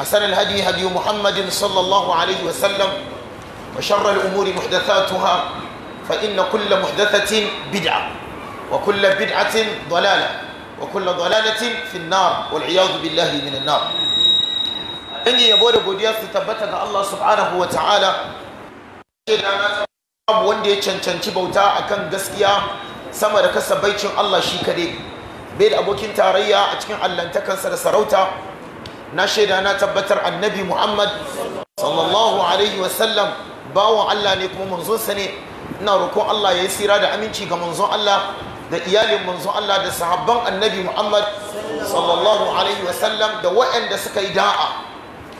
أسر الهدي هدي محمد صلى الله عليه وسلم وشر الأمور محدثاتها فإن كل محدثة بدعة وكل بدعة ضلالة وكل ضلالة في النار والعياذ بالله من النار إني يبور قدياس تبتك الله سبحانه وتعالى wanda ya cancanci bauta akan gaskiya sama da kasa baicin Allah shi kare bai da abokin tarayya a cikin allantakansa da sarauta na shaida na tabbatar annabi muhammad sallallahu alaihi wasallam bawan allah ne kuma manzonsa ne ina roƙon allah ya yi tsira da aminci ga manzon allah da iyalin manzon allah da sahabban annabi muhammad sallallahu alaihi wasallam da waɗanda suka yi da'a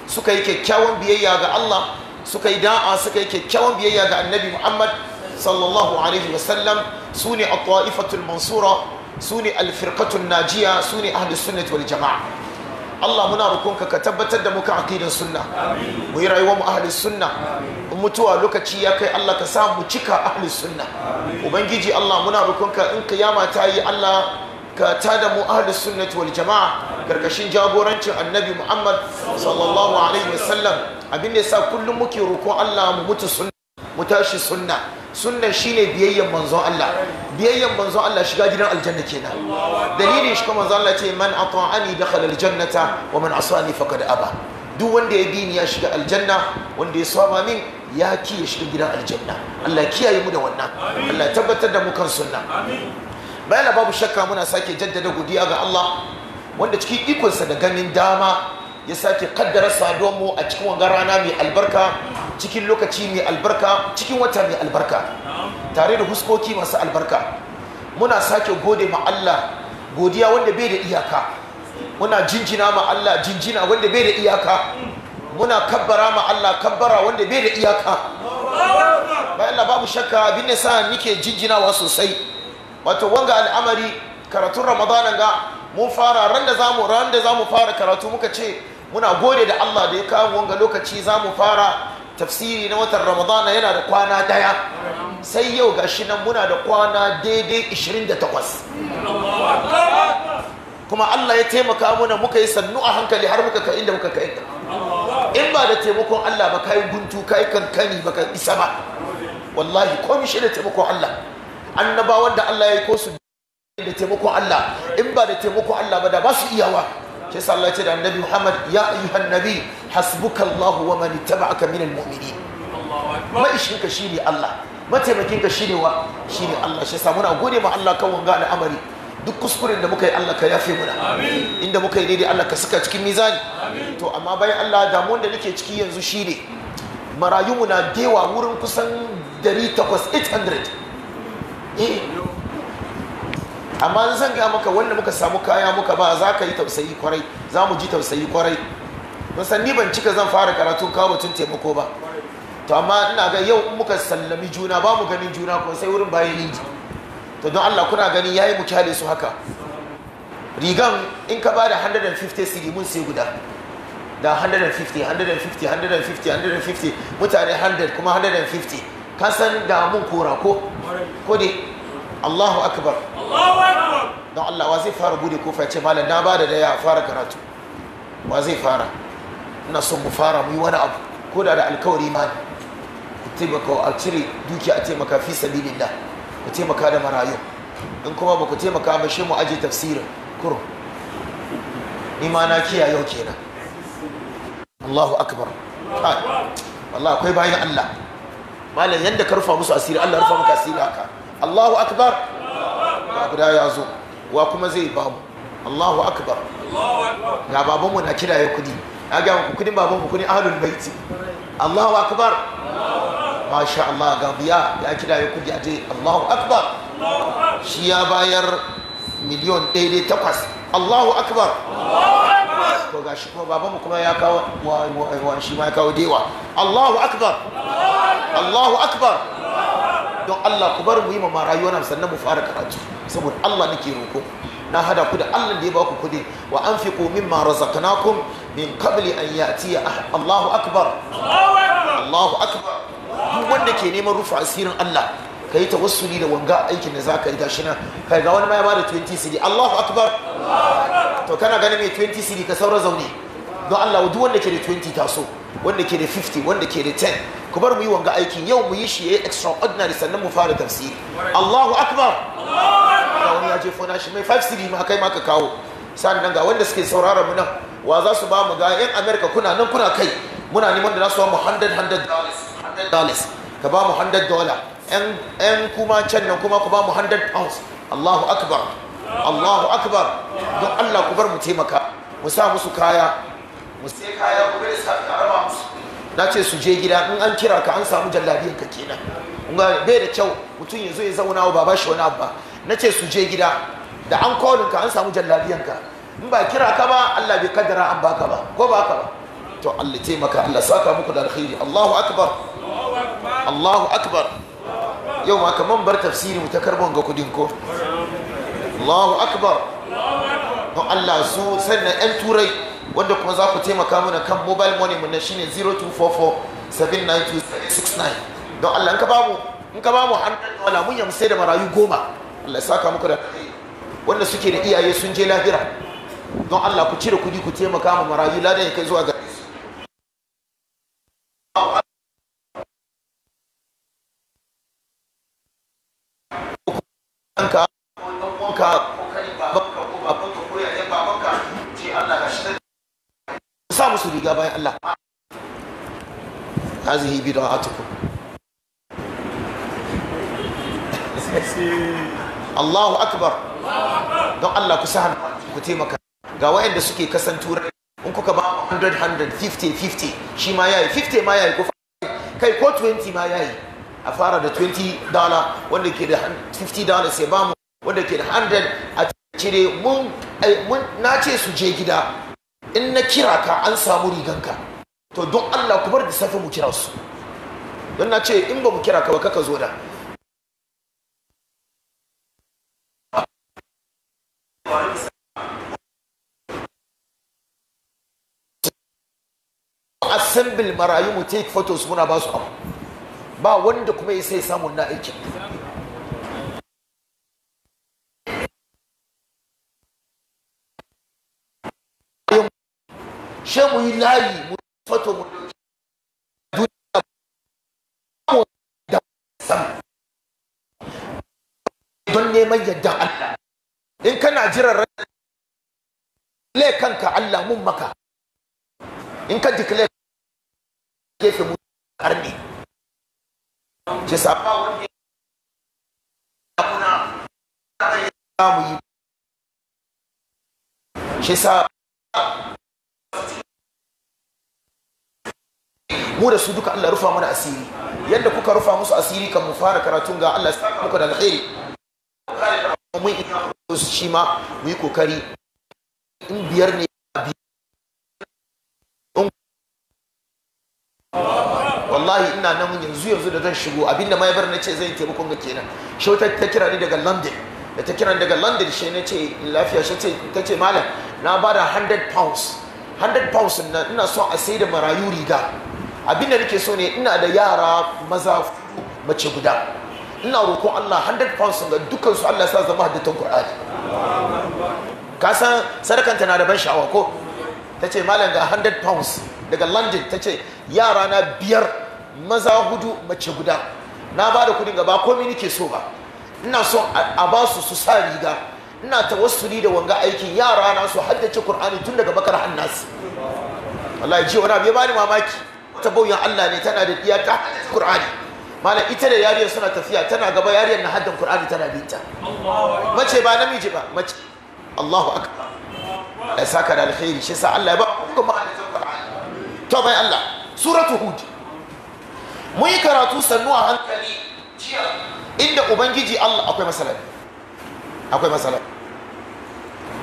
suka yi kyakkyawan biyayya ga allah suka yi da'a suka yi kyakkyawan biyayya ga annabi muhammad sallallahu alaihi wasallam su ne a ta'ifatul mansura su ne alfirkatun najiya su ne ahlus sunnati wal jama'a Allah muna roƙonka ka tabbatar da muka aqidar sunna mu yi rayuwar mu ahli sunna in mutuwa lokaci ya kai Allah ka sa mu cika ahli sunna ubangiji Allah muna roƙonka in kiyama ta yi Allah ka tada mu ahli sunnati wal jama'a karkashin jagorancin annabi Muhammad sallallahu alaihi wasallam abin da yasa kullum muke roƙon Allah mu mutu sunna mu tashi sunna sunnan shine biyayyan manzon Allah biyayyan manzon Allah shiga gidan aljanna kenan dalilin shi kuma manzon Allah ce man ata'ani dakhala aljannata wa man asani faqad aba duk wanda ya bi ni ya shiga aljanna wanda ya saba min ya kiyaye shiga gidan aljanna Allah kiyaye mu da wannan Allah tabbatar da mu kan sunna bayan babu shakka muna sake jaddada godiya ga Allah wanda cikin ikonsa da ganin dama ya sake kaddara saduwar mu a cikin wanga rana mai albarka cikin lokaci mai albarka cikin wata mai albarka tare da huskoki masu albarka muna sake gode ma Allah godiya wanda bai da iyaka muna jinjina ma Allah jinjina wanda bai da iyaka muna kabbara ma Allah kabbara wanda bai da iyaka bayan Allah babu shakka abin ne sa nike jinjinawa sosai wato wanga al'amari karatun ramadanan ga mun fara ran da zamu ran da zamu fara karatu muka ce muna gode da Allah da ya kawo wanga lokaci zamu fara tafsiri na watan Ramadana yana da kwana daya sai yau gashi nan muna da kwana daidai 28 kuma Allah ya taimaka muna muka yi sannu a hankali har muka kai inda muka kai in ba da taimakon Allah ba kai guntu kai kankani ba ka isa ba wallahi komai shi da taimakon Allah annabawan da Allah ya yi ko su da taimako Allah in ba da taimako Allah ba da ba su iyawa shi sallace da annabi Muhammad ya ayyuhan nabi hasbuka Allah wa man ittaba'aka min almu'minin maishin ka shine Allah mataimakin ka shine wa shine Allah shi yasa muna gode ma Allah kan wanga al'amari duk kuskuren da muka yi Allah ka yafe muna inda muka yi daidai Allah ka saka cikin mizani to amma bayan Allah damuwan da nake ciki yanzu shine marayu muna dewa wurin kusan 800 800 eh amma zan gaya maka wanda muka samu kaya muka ba za ka yi tausayi kwarai za mu ji tausayi kwarai musan ni ban cika zan fara karatu kawo mutum taimako ba to amma ina ga yau muka sallami juna ba mu ganin juna ko sai wurin bayan inji to don Allah kuna gani yayi mu kyale su haka rigan in ka ba da 150 cd mun sai guda da 150 150 150 150 mutane 100 kuma 150 ka san da mun kora ko ko dai Allahu akbar don Allah wa zai fara bude kofa ce malam na ba da daya a fara karatu wa zai fara ina son mu fara mu yi wani abu ko da da alkawari ma ku taimaka a cire dukiya a taimaka fi da. ku taimaka da marayu in kuma ba ku taimaka ba shi mu aje tafsirin kuro ni ma na kiyaye yau kenan Allahu akbar wallahi akwai bayan Allah malam yadda ka rufa musu asiri Allah rufa maka asiri haka Allahu akbar ga guda ya zo wa kuma zai ba mu Allahu akbar ga babanmu na kira ya kudi ya ga muku kudin babanmu kudin ahlul baiti Allahu akbar masha Allah ga biya ya kira ya kudi aje Allahu akbar shi ya bayar miliyon ɗaya takwas Allahu akbar to ga shi kuma babanmu kuma ya kawo wa shi ma ya kawo dewa Allahu akbar Allahu akbar don Allah ku bar mu yi ma rayuwar sannan mu fara karatu saboda Allah nake roko na hada ku da Allah da ya baku kudi wa an fi komin mara razaqnakum min kabili an ya'tiya ah, Allahu akbar Allahu akbar duk wanda ke neman rufe asirin Allah ka yi tawassuli da wanga aikin da za ka yi gashi na kai ga wani ma ya da 20 cd Allahu akbar to kana gani mai 20 cd ka saura zaune don Allah duk wanda ke da 20 taso wanda ke da 50 wanda ke da 10 ku bar mu yi wanga aikin yau mu yi shi yi eh, extraordinary sannan mu fara tafsiri Allahu akbar Allah wani ya fona na shi mai 5 siri ma kai ma ka kawo sannan ga wanda suke sauraron mu nan wa za su ba mu ga yan America kuna nan kuna kai muna neman da za su ba mu 100 dollars ka ba mu 100 dollar yan kuma can nan kuma ku ba mu 100 pounds Allahu akbar Allahu akbar don Allah ku bar mu taimaka mu sa musu kaya mu sai kaya ku bari sa rama musu na ce su je gida in an kira ka an samu jallabiyar ka kenan bai da kyau mutum ya zo ya zauna wa baba shi wani abba na ce su je gida da an kolinka an samu jallabiyanka in ba kira ka ba Allah bai kaddara an baka ba ko ba ka ba to Allah taimaka Allah saka muku da alkhairi Allahu akbar Allahu akbar yau ma kaman bar tafsiri ta karbon ga kudin ko Allahu akbar to Allah su sannan ɗan turai wanda kuma za ku taimaka mana kan mobile money mun shine 0244 792 669 don Allah in ka ba mu in ka ba bamu an mun yamsai da marayu goma Allah saka muku da wanda suke da iyaye sun je lahira don Allah ku cire kudi ku taimaka ma marayu ladan ya kai zuwa ga sa musu riga bayan Allah hazihi Allahu akbar don Allah ku sa ku taimaka ga wayanda suke kasan turai in kuka ba 100 100 50 50 shi ma yayi 50 ma yayi ko kai ko 20 ma yayi a fara da 20 dala wanda ke da 50 dala sai ba mu wanda ke da 100 a cire mun mun na ce su je gida in na kira ka an samu riganka to don Allah ku bar da safe mu kira su don na ce in ba mu kira ka ba kaka zo da marayu mu take photos muna ba su abu ba wanda kuma ya sai samun na aikin she mu yi layi mu fato mu don neman yadda Allah in kana jiran rai kanka Allah mun maka in ka dikle gefe mu karni ke saba wanda ya kuna kada ya samu yi shi sa mu da su duka Allah rufa mana asiri yadda kuka rufa musu asiri kan mu fara karatun ga Allah ya muku da alheri mun yi mu yi kokari in biyar ne wallahi ina nan yanzu yanzu da zan shigo abinda ma ya bar na ce zai taimakon ga kenan Shauta ta kira ni daga london da ta kira ni daga london shi na ce lafiya shi ce ta ce malam na ba da 100 pounds 100 pounds na ina so a sai da marayu riga abinda nake so ne ina da yara maza mace guda ina roƙon Allah 100 pounds ga dukkan su Allah ya sa zama haddatan Qur'ani ka san sadakanta na da ban sha'awa ko ta ce malam ga 100 pounds daga london ta ce yara na biyar maza hudu mace guda na ba da kudin gaba komi nike so ba ina so a ba su su sa riga ina ta wasu ni da wanga aikin yara na su haddace Kur'ani tun daga bakar hannas wallahi ji wani abu bani mamaki ta bauyan Allah ne tana da iya ta Kur'ani mana ita da yariyar suna tafiya tana gaba yariyar na haddan Kur'ani tana binta mace ba namiji ba mace Allahu akbar ya saka da alkhairi shi sa Allah ya ba kuma to bai Allah suratu hud mun yi karatu sannu a hankali jiya inda ubangiji Allah akwai akwai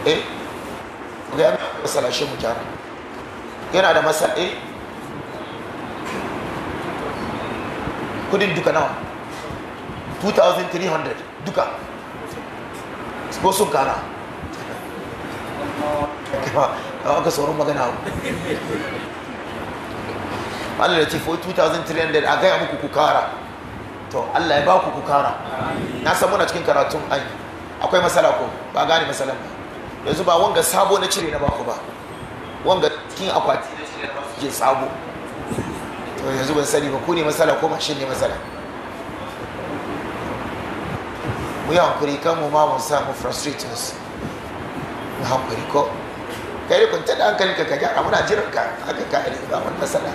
eh ga yana shi yana da eh kudin duka nawa 2300 duka ko sun kara ka sauran magana Allah ya ce for 2300 a gaya muku ku kara to Allah ya ba ku ku kara na san muna cikin karatun an akwai masala ko ba gane masalan ba yanzu ba wanga sabo na cire na baku ba wanga cikin akwati na cire na baku je sabo to yanzu ban sani ba ku ne masala ko mashin ne masala mu yi hankuri kan mu ma mun samu frustrations mu hankuri ko kai da kwantar da hankalinka ka gyara muna jiran ka haka ka yi ba wani masala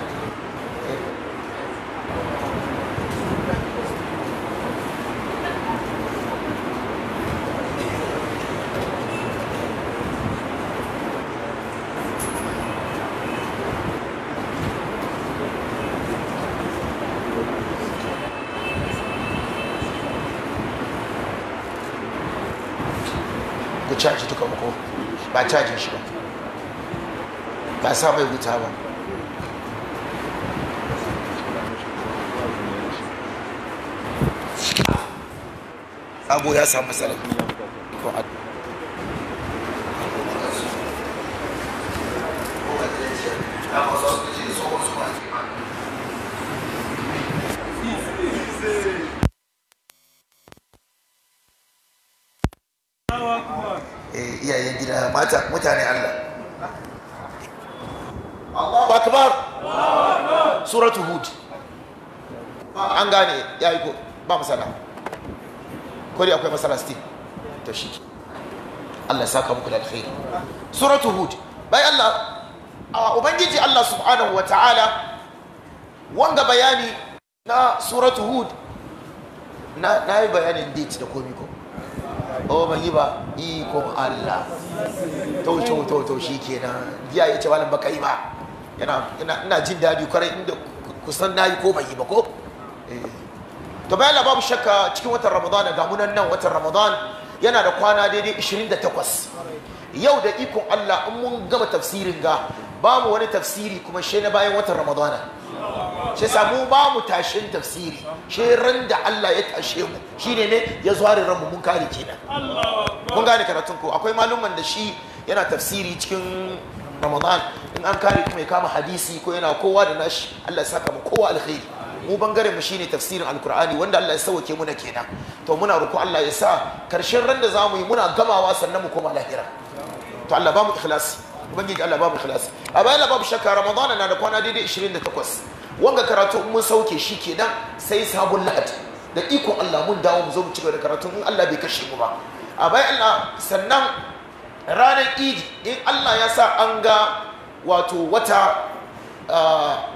ba cajin shi ba ba sa mai wuta ba abu ya samu matsala Thank you. iyayen gida mata mutane Allah Allahu akbar suratu hud an gane ya ko ba masala ko dai akwai masana still to shi Allah saka muku da alkhairi suratu hud bai Allah A ubangiji Allah subhanahu wataala wanga bayani na suratu hud na yi bayanin date da komiko. o oh, ban yi ba ikon Allah to to to to shikenan jiya yace malam baka yi ba yana ina jin dadi kwarai inda kusan yi ko ban yi ba ko eh. to bayan babu shakka cikin watan Ramadan ga munan nan watan Ramadan yana da kwana daidai 28 yau da ikon Allah in mun gama tafsirin ga babu wani tafsiri kuma shi na bayan watan Ramadana shi samu ba mu tashin tafsiri shi da Allah ya tashe mu shine ne ya zo harin ranmu mun kare kenan mun gane karatun ko akwai maluman da shi yana tafsiri cikin Ramadan in an kare kuma ya kama hadisi ko yana kowa da nashi Allah ya saka mu kowa alkhairi mu bangare mu shine tafsirin alkur'ani wanda Allah ya sauke muna kenan to muna roƙo Allah ya sa karshen ran da zamu yi muna gamawa sannan mu koma lahira to Allah ba mu ikhlasi ubangiji Allah ba babu ikhlasi a bayan babu shakka Ramadan na da kwana daidai 28 wanga karatu mun sauke shi kenan sai sabon laadi da ikon Allah mun dawo mu zo mu cigaba da karatu in Allah bai kashe mu ba a bai Allah sannan ranar idi in Allah ya sa an ga wato wata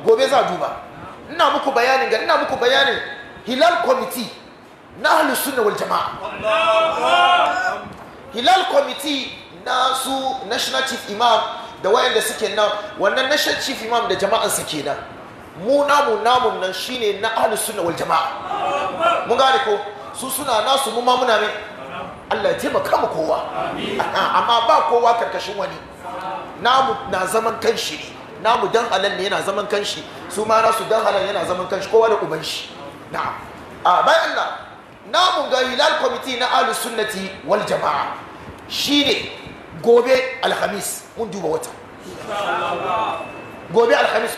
gobe za duba ina muku bayanin ga ina muku bayanin hilal committee na ahlus sunna wal jama'a hilal committee na su national chief imam da wayanda suke nan wannan national chief imam da jama'ansa kenan mu namu namun nan shine na ahlus sunna wal jama'a mun gane ko su suna nasu mu ma muna mai Allah ya taimaka mu kowa amma ba kowa karkashin wani namu na zaman kanshi ne namu dan halal ne yana zaman kanshi su ma nasu dan halal yana zaman kanshi kowa da uban shi na'am a bayan Allah namu ga hilal committee na ahlus sunnati wal jama'a shine gobe alhamis mun duba wata gobe alhamis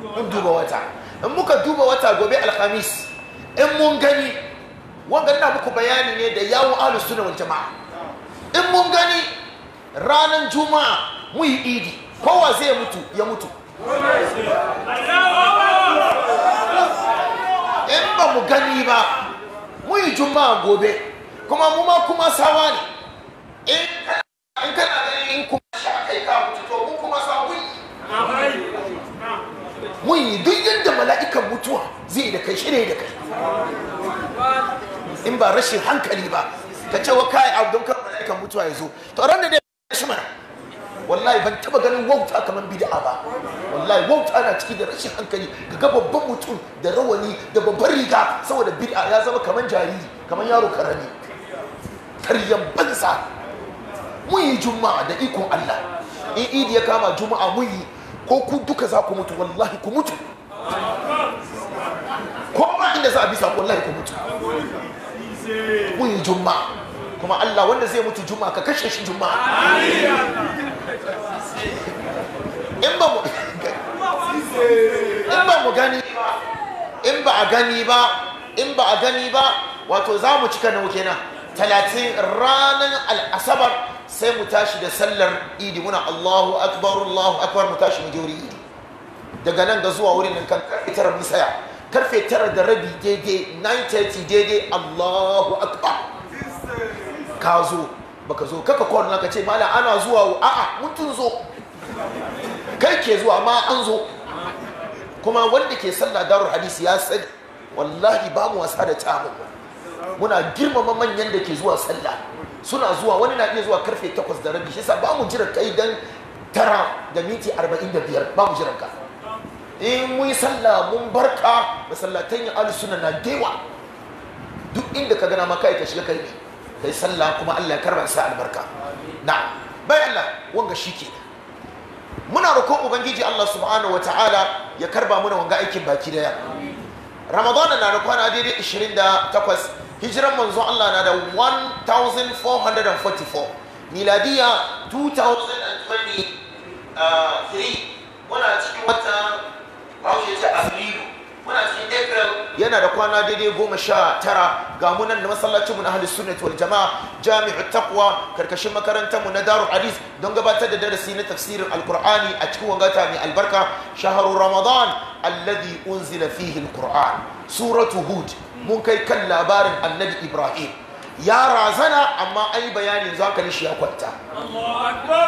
in duba wata in muka duba wata gobe alhamis in mun gani wanga muku bayani ne da yawon ahlus sunna wal jama'a in mun gani ranar juma'a mu yi idi kowa zai mutu ya mutu in ba mu gani ba mu yi juma'a gobe kuma mu ma kuma sawa ne in kana ganin in kuma sha kai ka mutu to mu kuma sawa yi wai duk yadda mala'ikan mutuwa zai da kai shi ne da kai in ba rashin hankali ba ka ce wa kai a don kan mala'ikan mutuwa ya zo to ran da dai shi mana wallahi ban taba ganin wauta kamar bid'a ba wallahi wauta na ciki da rashin hankali ga babban mutum da rawani da babban riga saboda bid'a ya zama kamar jariri kamar yaro karami karyan bansa mun yi juma'a da ikon Allah in idi ya kama juma'a mun yi ko ku duka za ku mutu wallahi ku mutu ko ma inda za a bisa wallahi ku mutu kun yi juma'a kuma Allah wanda zai mutu juma'a ka kashe shi juma'a in ba mu in ba mu gani in ba a gani ba in ba a gani ba wato za mu cika nawa kenan talatin ranar al'asabar sai mu tashi da sallar idi muna allahu akbar allahu akbar mu tashi mu jori idi daga nan ga zuwa wurin nan kan karfe tara mun saya karfe tara da rabi daidai 9:30 daidai allahu akbar ka zo baka zo kaka kwan ka ce mala ana zuwa a'a mutum zo kai ke zuwa ma an zo kuma wanda ke sallah darul hadisi ya sani wallahi babu wasa da tamu muna girmama manyan da ke zuwa sallah suna zuwa wani na iya zuwa karfe 8 da rabi shi yasa ba mu jiran kai dan tara da minti 45 ba mu jiran ka in mun sallah mun barka masallatan ya ahlus sunna na dewa duk inda ka gana ma kai ka shiga kai kai sallah kuma Allah ya karba sa albarka na bai Allah wanga shike muna roƙon ubangiji Allah subhanahu wataala ya karba mana wanga aikin baki daya ramadana na da kwana daidai 28 hijiran manzon Allah na da 1444 miladiya 2023 uh, muna cikin wata haushe a afrilu muna cikin april yana da kwana daidai goma sha tara ga munan da masallacinmu na ahlus sunnati wal jamaa jami'u takwa, karkashin makarantarmu na daru hadis don gabatar da darasi na tafsirin alkur'ani a cikin wangata mai albarka shaharu ramadan alladhi unzila fihi alqur'an suratu hud mun kai kan labarin annabi ibrahim ya razana amma an yi bayanin za ka ya kwanta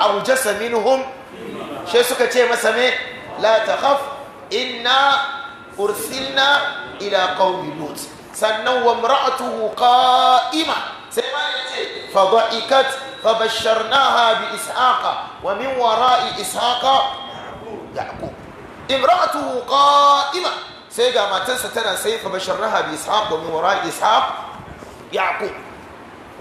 abu jasa minhum shi suka ce masa me la takhaf inna ursilna ila qaumi lut sannan wa imra'atuhu qa'ima sai ma yace fa dha'ikat fa bi ishaqa wa min wara'i ishaqa yaqub imra'atuhu qa'ima sai ga matarsa tana sai fa raha bi ishaq wa min wara ishaq yaqub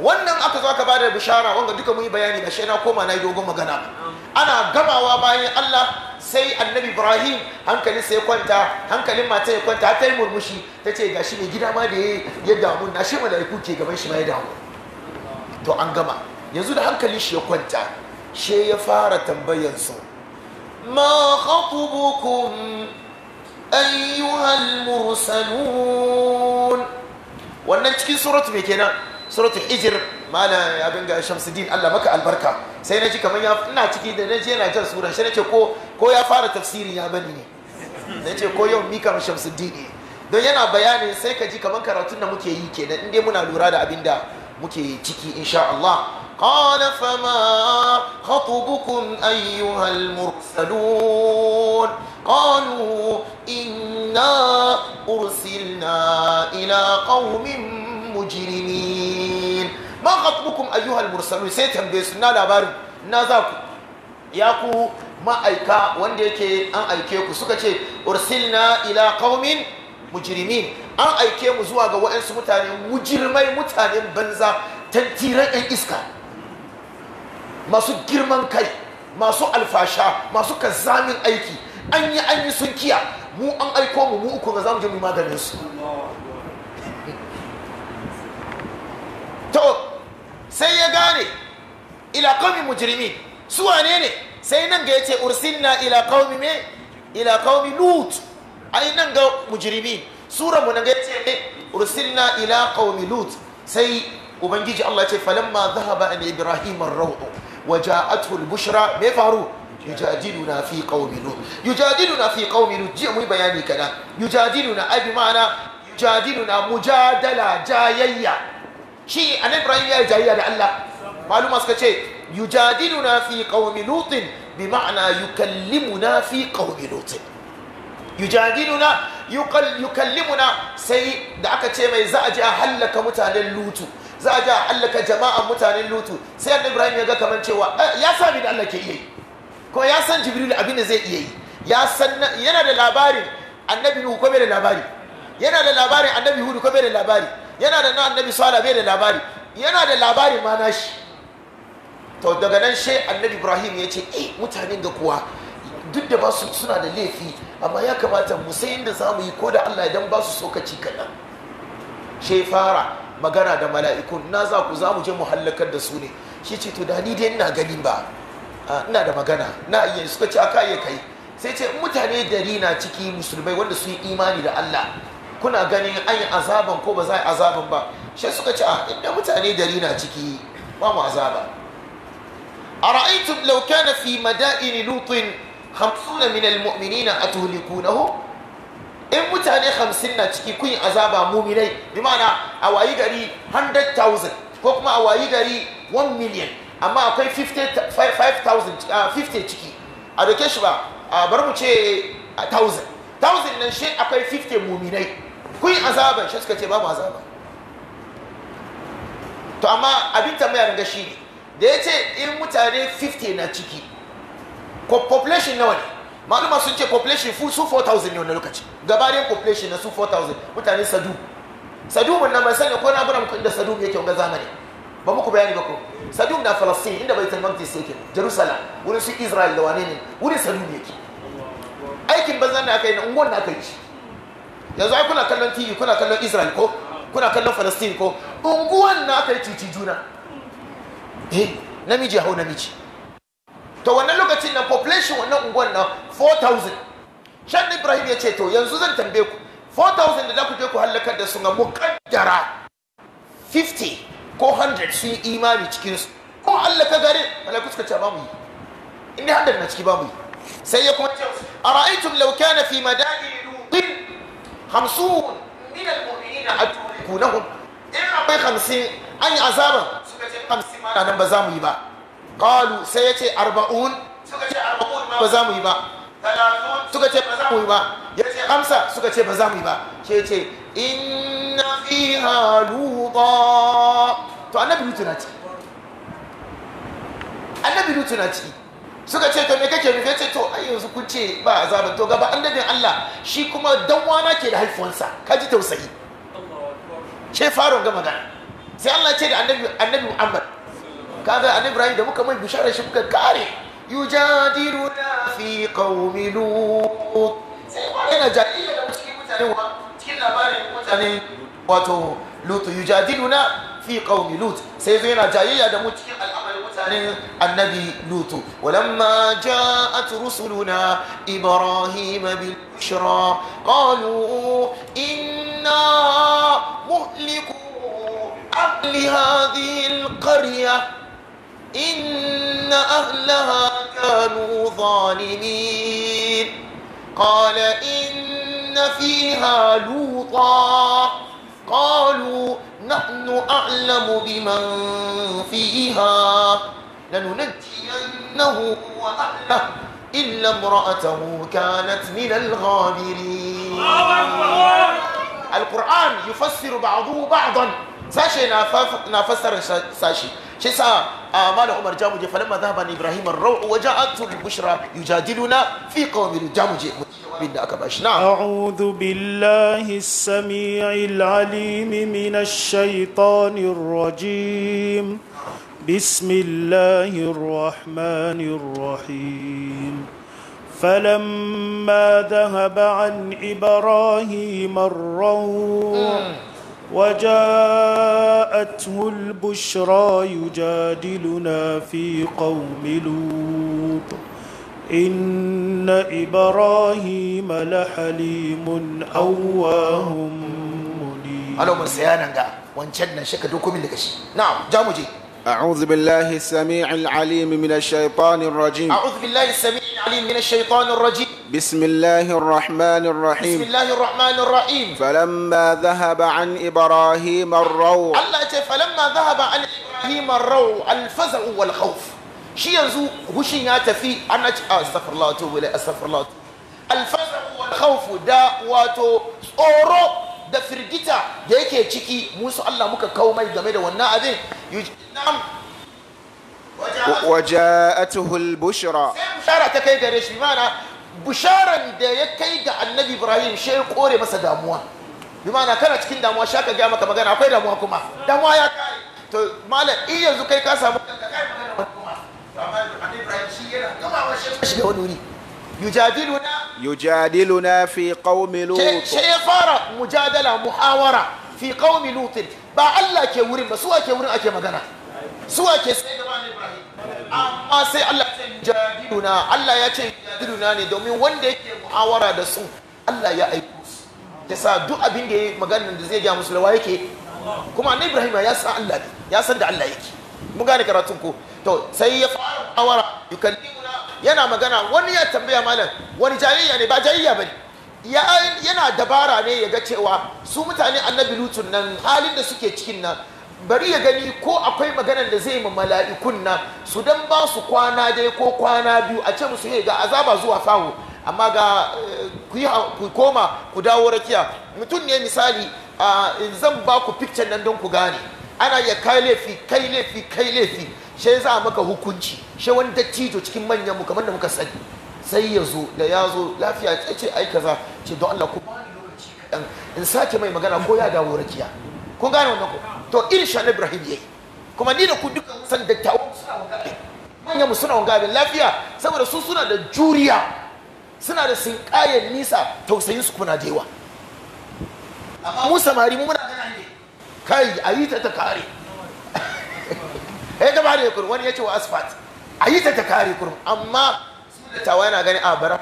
wannan aka zo aka bada bishara wanda duka mun yi bayani da shaina na koma na dogon magana ana gamawa bayan Allah sai annabi Ibrahim hankalin sai kwanta hankalin mata ya kwanta ta yi murmushi ta ce gashi ne gida ma da ya damu na shi mala'iku ke gaban shi ma ya damu to an gama yanzu da hankalin shi ya kwanta shi ya fara tambayar su ma khatubukum ayyuha al wannan cikin suratu me kenan suratu hijr malam ya shamsuddin Allah maka albarka sai na ji kamar ina ciki da naje yana jan sura sai nace ko ko ya fara tafsirin ya bani ne nace ko yau mika shamsuddin ne don yana bayani sai ka ji kamar karatun da muke yi kenan in dai muna lura da abin da muke ciki insha Allah قال فما خطبكم أيها المرسلون قالوا إنا أرسلنا إلى قوم مجرمين ما خطبكم أيها المرسلون سيتم بيسنا لابار نازاكو ياكو ما أيكا وانديكي أن أيكيكو سكتي أرسلنا إلى قوم mujirimin an aike mu zuwa ga waɗansu mutane mujirmai mutanen banza tantiran 'yan iska masu girman kai masu alfasha masu kazamin aiki an yi an yi sun kiya mu an aiko mu mu uku ga zamu je mu maganin su to sai ya gane ila qaumi mujrimi su wane ne sai nan ga yace ursilna ila qaumi me ila qaumi lut ai nan ga mujrimi sura mu nan ga yace ursilna ila qaumi lut sai ubangiji Allah ya ce falamma dhahaba an ibrahim ar-ru'u وجاءته البشرى ما يفعلوا يجادلنا في قوم نوح يجادلنا في قوم نوح جي مو بياني كده يجادلنا اي بمعنى يجادلنا مجادله جاييه شيء انا ابراهيم يا جايه ده الله معلومه سكتشي يجادلنا في قوم لوط بمعنى يكلمنا في قوم لوط yujadiluna yukallimuna sai da aka ce mai za a je a hallaka mutanen lutu za a ji a allaka jama'an mutanen lutu sai annabi ibrahim ya ga kamar cewa eh, ya sami da allah ke iya yi ko ya san jibril abin da zai iya yi ya san yana da labarin annabi nuhu ko bai da labari yana da labarin annabi hudu ko bai da labari yana da na annabi sala bai da labari yana da labarin ma nashi to daga nan shi annabi ibrahim ya ce eh mutanen ga kuwa duk da ba su suna da laifi amma ya kamata mu sai inda za mu yi ko da allah idan ba su sokaci kaɗan shi fara magana da mala'ikun na za ku za mu je mu hallakar da su ne shi ce to da ni dai ina gani ba ina da magana na iya suka ce aka iya kai sai ce mutane dari na ciki musulmai wanda su yi imani da Allah kuna ganin an yi azaban ko ba za a yi azaban ba shi suka ce a inda mutane dari na ciki ba mu azaba أرأيتم لو كان في مدائن لوط خمسون من المؤمنين أتهلكونهم in mutane hamsin na ciki kun yi azaba muminai bi ma'ana a wayi gari 100,000 ko kuma a wayi gari 1 million amma akwai 50 ah, ciki a doke shi ba bar mu ce 1,000 1,000 nan shi akwai 50 muminai kun azaba shi suka ce ba mu azaba to amma abin tambaya ga gashi ne da ya ce in mutane 50 na ciki ko population nawa ne maluma sun ce population full su 4000 ne wani lokaci gabarin population na su 4000 mutane sadu sadu mun na ban sanya ko na gura muku da sadu yake wanga zamani ba muku bayani ba ko sadu na falastin inda baitul maqdis yake jerusalem wurin su israel da wane ne wurin sadu yake aikin banzan da aka yi na unguwar da aka yi yanzu ai kuna kallon tv kuna kallon israel ko kuna kallon falastin ko unguwan na aka yi cuci juna eh namiji hau namiji to wannan lokacin nan population wannan unguwan nan 4000 shan ibrahim ya ce to yanzu zan tambaye ku 4000 da za ku je ku hallakar da su ga mukaddara 50 ko 100 sun yi imani cikin su ko allah ka gare malaku suka ce ba mu yi inda hadda na ciki ba mu yi sai ya kuma ce ara'aytum law kana fi madaini lutin 50 min almu'minina atukunahum in akwai 50 an yi azaba suka ce 50 ma nan ba za mu yi ba qalu sai yace arba'un suka ce arba'un ba za mu yi ba suka ce ba za mu yi ba yace amsa suka ce ba za mu yi ba ke ina inna fiha luta to annabi lutu na ciki annabi lutu na ciki suka ce to me kake nufi ce to ai yanzu kun ce ba azaban to gaba annabin Allah shi kuma danwana ke da haifuwansa ka ji tausayi ce faro ga magana sai Allah ce da annabi annabi Muhammad كذا عن إبراهيم ده ممكن ما يبشر شو يجادلنا في قوم لوط أنا جاي كل بار يقول واتو لوط يجادلنا في قوم لوط سيزينا جاي يا دمو النبي لوط ولما جاءت رسلنا إبراهيم بالبشرى قالوا إنا مهلكوا أهل هذه القرية إن أهلها كانوا ظالمين قال إن فيها لوطا قالوا نحن أعلم بمن فيها لننجينه وأهله إلا امرأته كانت من الغابرين القرآن يفسر بعضه بعضا sashi na fassara sashi shi sa a malam umar jamuje falamma zahaba ni ibrahim ar-rawu wa ja'atul bushra yujadiluna fi qawmin jamuje bin da aka bashi na a'udhu billahi as-sami'il alim min minash shaitanir rajim بسم الله الرحمن الرحيم فلما ذهب عن إبراهيم الروح وجاءته البشرى يجادلنا في قوم لوط إن إبراهيم لحليم أواه منيب. ألو من سيانا wancan nan shaka dokomin da kashi na'am ja mu je أعوذ بالله السميع العليم من الشيطان الرجيم أعوذ بالله السميع العليم من الشيطان الرجيم بسم الله الرحمن الرحيم بسم الله الرحمن الرحيم فلما ذهب عن إبراهيم الروع الله فلما ذهب عن إبراهيم الروع الفزع والخوف شي ينزو نات ياتفي أنا آه، أستغفر الله أتوب إليه أستغفر الله الفزع والخوف دا واتو أورو da firgita da yake ciki musu Allah muka kawo mai game da wannan abin waja'atuhul bushra bushara ta kai gare shi mana da ya kai ga annabi ibrahim shi ya kore masa damuwa bi mana kana cikin damuwa sha ka gaya maka magana akwai damuwa kuma damuwa ya kai to yanzu kai yujadiluna yujadiluna fi qaumi lut sai ya fara mujadala muhawara fi qaumi lut ba Allah ke wurin ba suwa ke wurin ake magana suwa ke sai da wani Ibrahim sai Allah ya ce yujadiluna Allah ya ce yujadiluna ne domin wanda yake muhawara da su Allah ya aiko su yasa duk abin da ya maganar da zai ga musu lawa yake kuma annabi Ibrahim ya san Allah ya san da Allah yake mun gane karatun ko to sai ya fara awara yukallimuna yana magana wani ya tambaya malam wani jayayya ne ba jayayya bane ya yana dabara ne ya ga cewa su mutane annabi lutun nan halin da suke cikin nan bari ya gani ko akwai maganar da zai ma mala'ikun nan su dan ba su kwana dai ko kwana biyu a ce musu hey ga azaba zuwa fahu amma ga eh, ku koma ku dawo rakiya mutum ne misali ah, zan ba ku picture nan don ku gane ana iya kai laifi kai laifi kai laifi shi za a maka hukunci shi wani dattijo cikin manyan mu kamar da muka sani sai ya zo da ya zo lafiya ya ce ai kaza ce don Allah ku in sake mai magana ko ya dawo rakiya kun gane wannan ko to irin shan Ibrahim yayi kuma ni da ku duka san dattawan suna wangabe manyan mu suna wangabe lafiya saboda su suna da juriya suna da sinkayen nisa tausayin su kuna da amma mu samari mu muna gana ne kai ayi ta ta kare ya eh, gaba da yakuru wani ya ce wa asfalt a yi ta ta kare kurum amma tawa yana gani a bara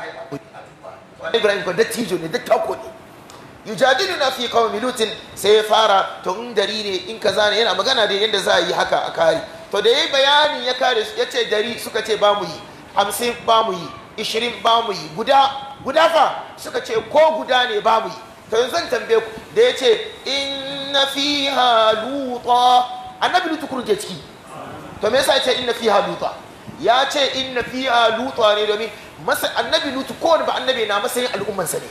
wani ibrahim ko dattijo ne tako ne yujadilu na fi kawo milutin sai ya fara to in dari ne in ka zane yana magana da yadda za a yi haka a kare to da ya yi bayanin ya kare ya ce dari suka ce ba mu yi hamsin ba mu yi ishirin ba mu yi guda fa suka ce ko guda ne ba mu yi to yanzu zan tambaye ku da ya ce in fi fiha luta annabi lutu kurje ciki to me yasa ya ce inna fiha luta ya ce inna fiha luta ne domin masa annabi lutu ko ba annabi na masayin al'ummansa ne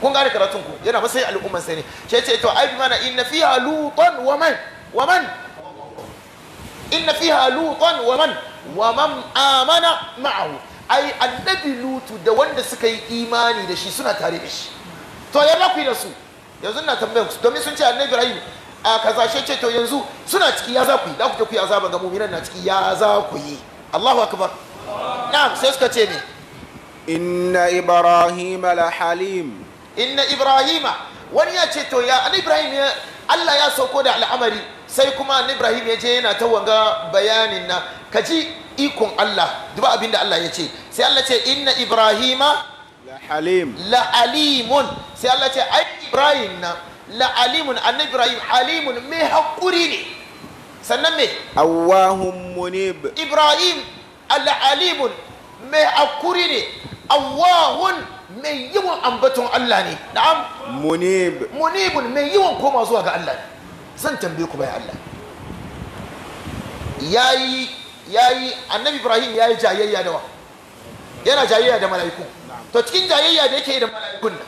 kun gane karatun ku yana masayin al'ummansa ne ce ce to ai mana inna fiha lutan wa man wa man inna fiha lutan wa man wa man amana ma'ahu ai annabi lutu da wanda suka yi imani da shi suna tare da shi to ya rafi da su yanzu na tambayar ku domin sun ce annabi ibrahim a kasashe ce to yanzu suna ciki ya za ku yi za ku je ku yi azaba ga mu'minan na ciki ya za ku yi Allahu akbar na'am sai suka ce me inna ibrahim la halim inna ibrahima wani ya ce to ya an ibrahim ya Allah ya sauko da al'amari sai kuma an ibrahim ya je yana ta wanga bayanin na kaji ikon Allah duba abin da Allah ya ce sai Allah ce inna ibrahima la halim la Alimun. sai Allah ce ai ibrahim na la alimun annabi ibrahim alimun mai haƙuri ne sannan me awahun munib ibrahim la alimun mai haƙuri ne awahun mai yiwon ambaton Allah ne na'am munib munibun mai yiwon koma zuwa ga Allah ne zan tambaye ku bai Allah yayi yayi annabi ibrahim yayi jayayya da wa yana jayayya da mala'iku to cikin jayayya da yake da mala'ikun nan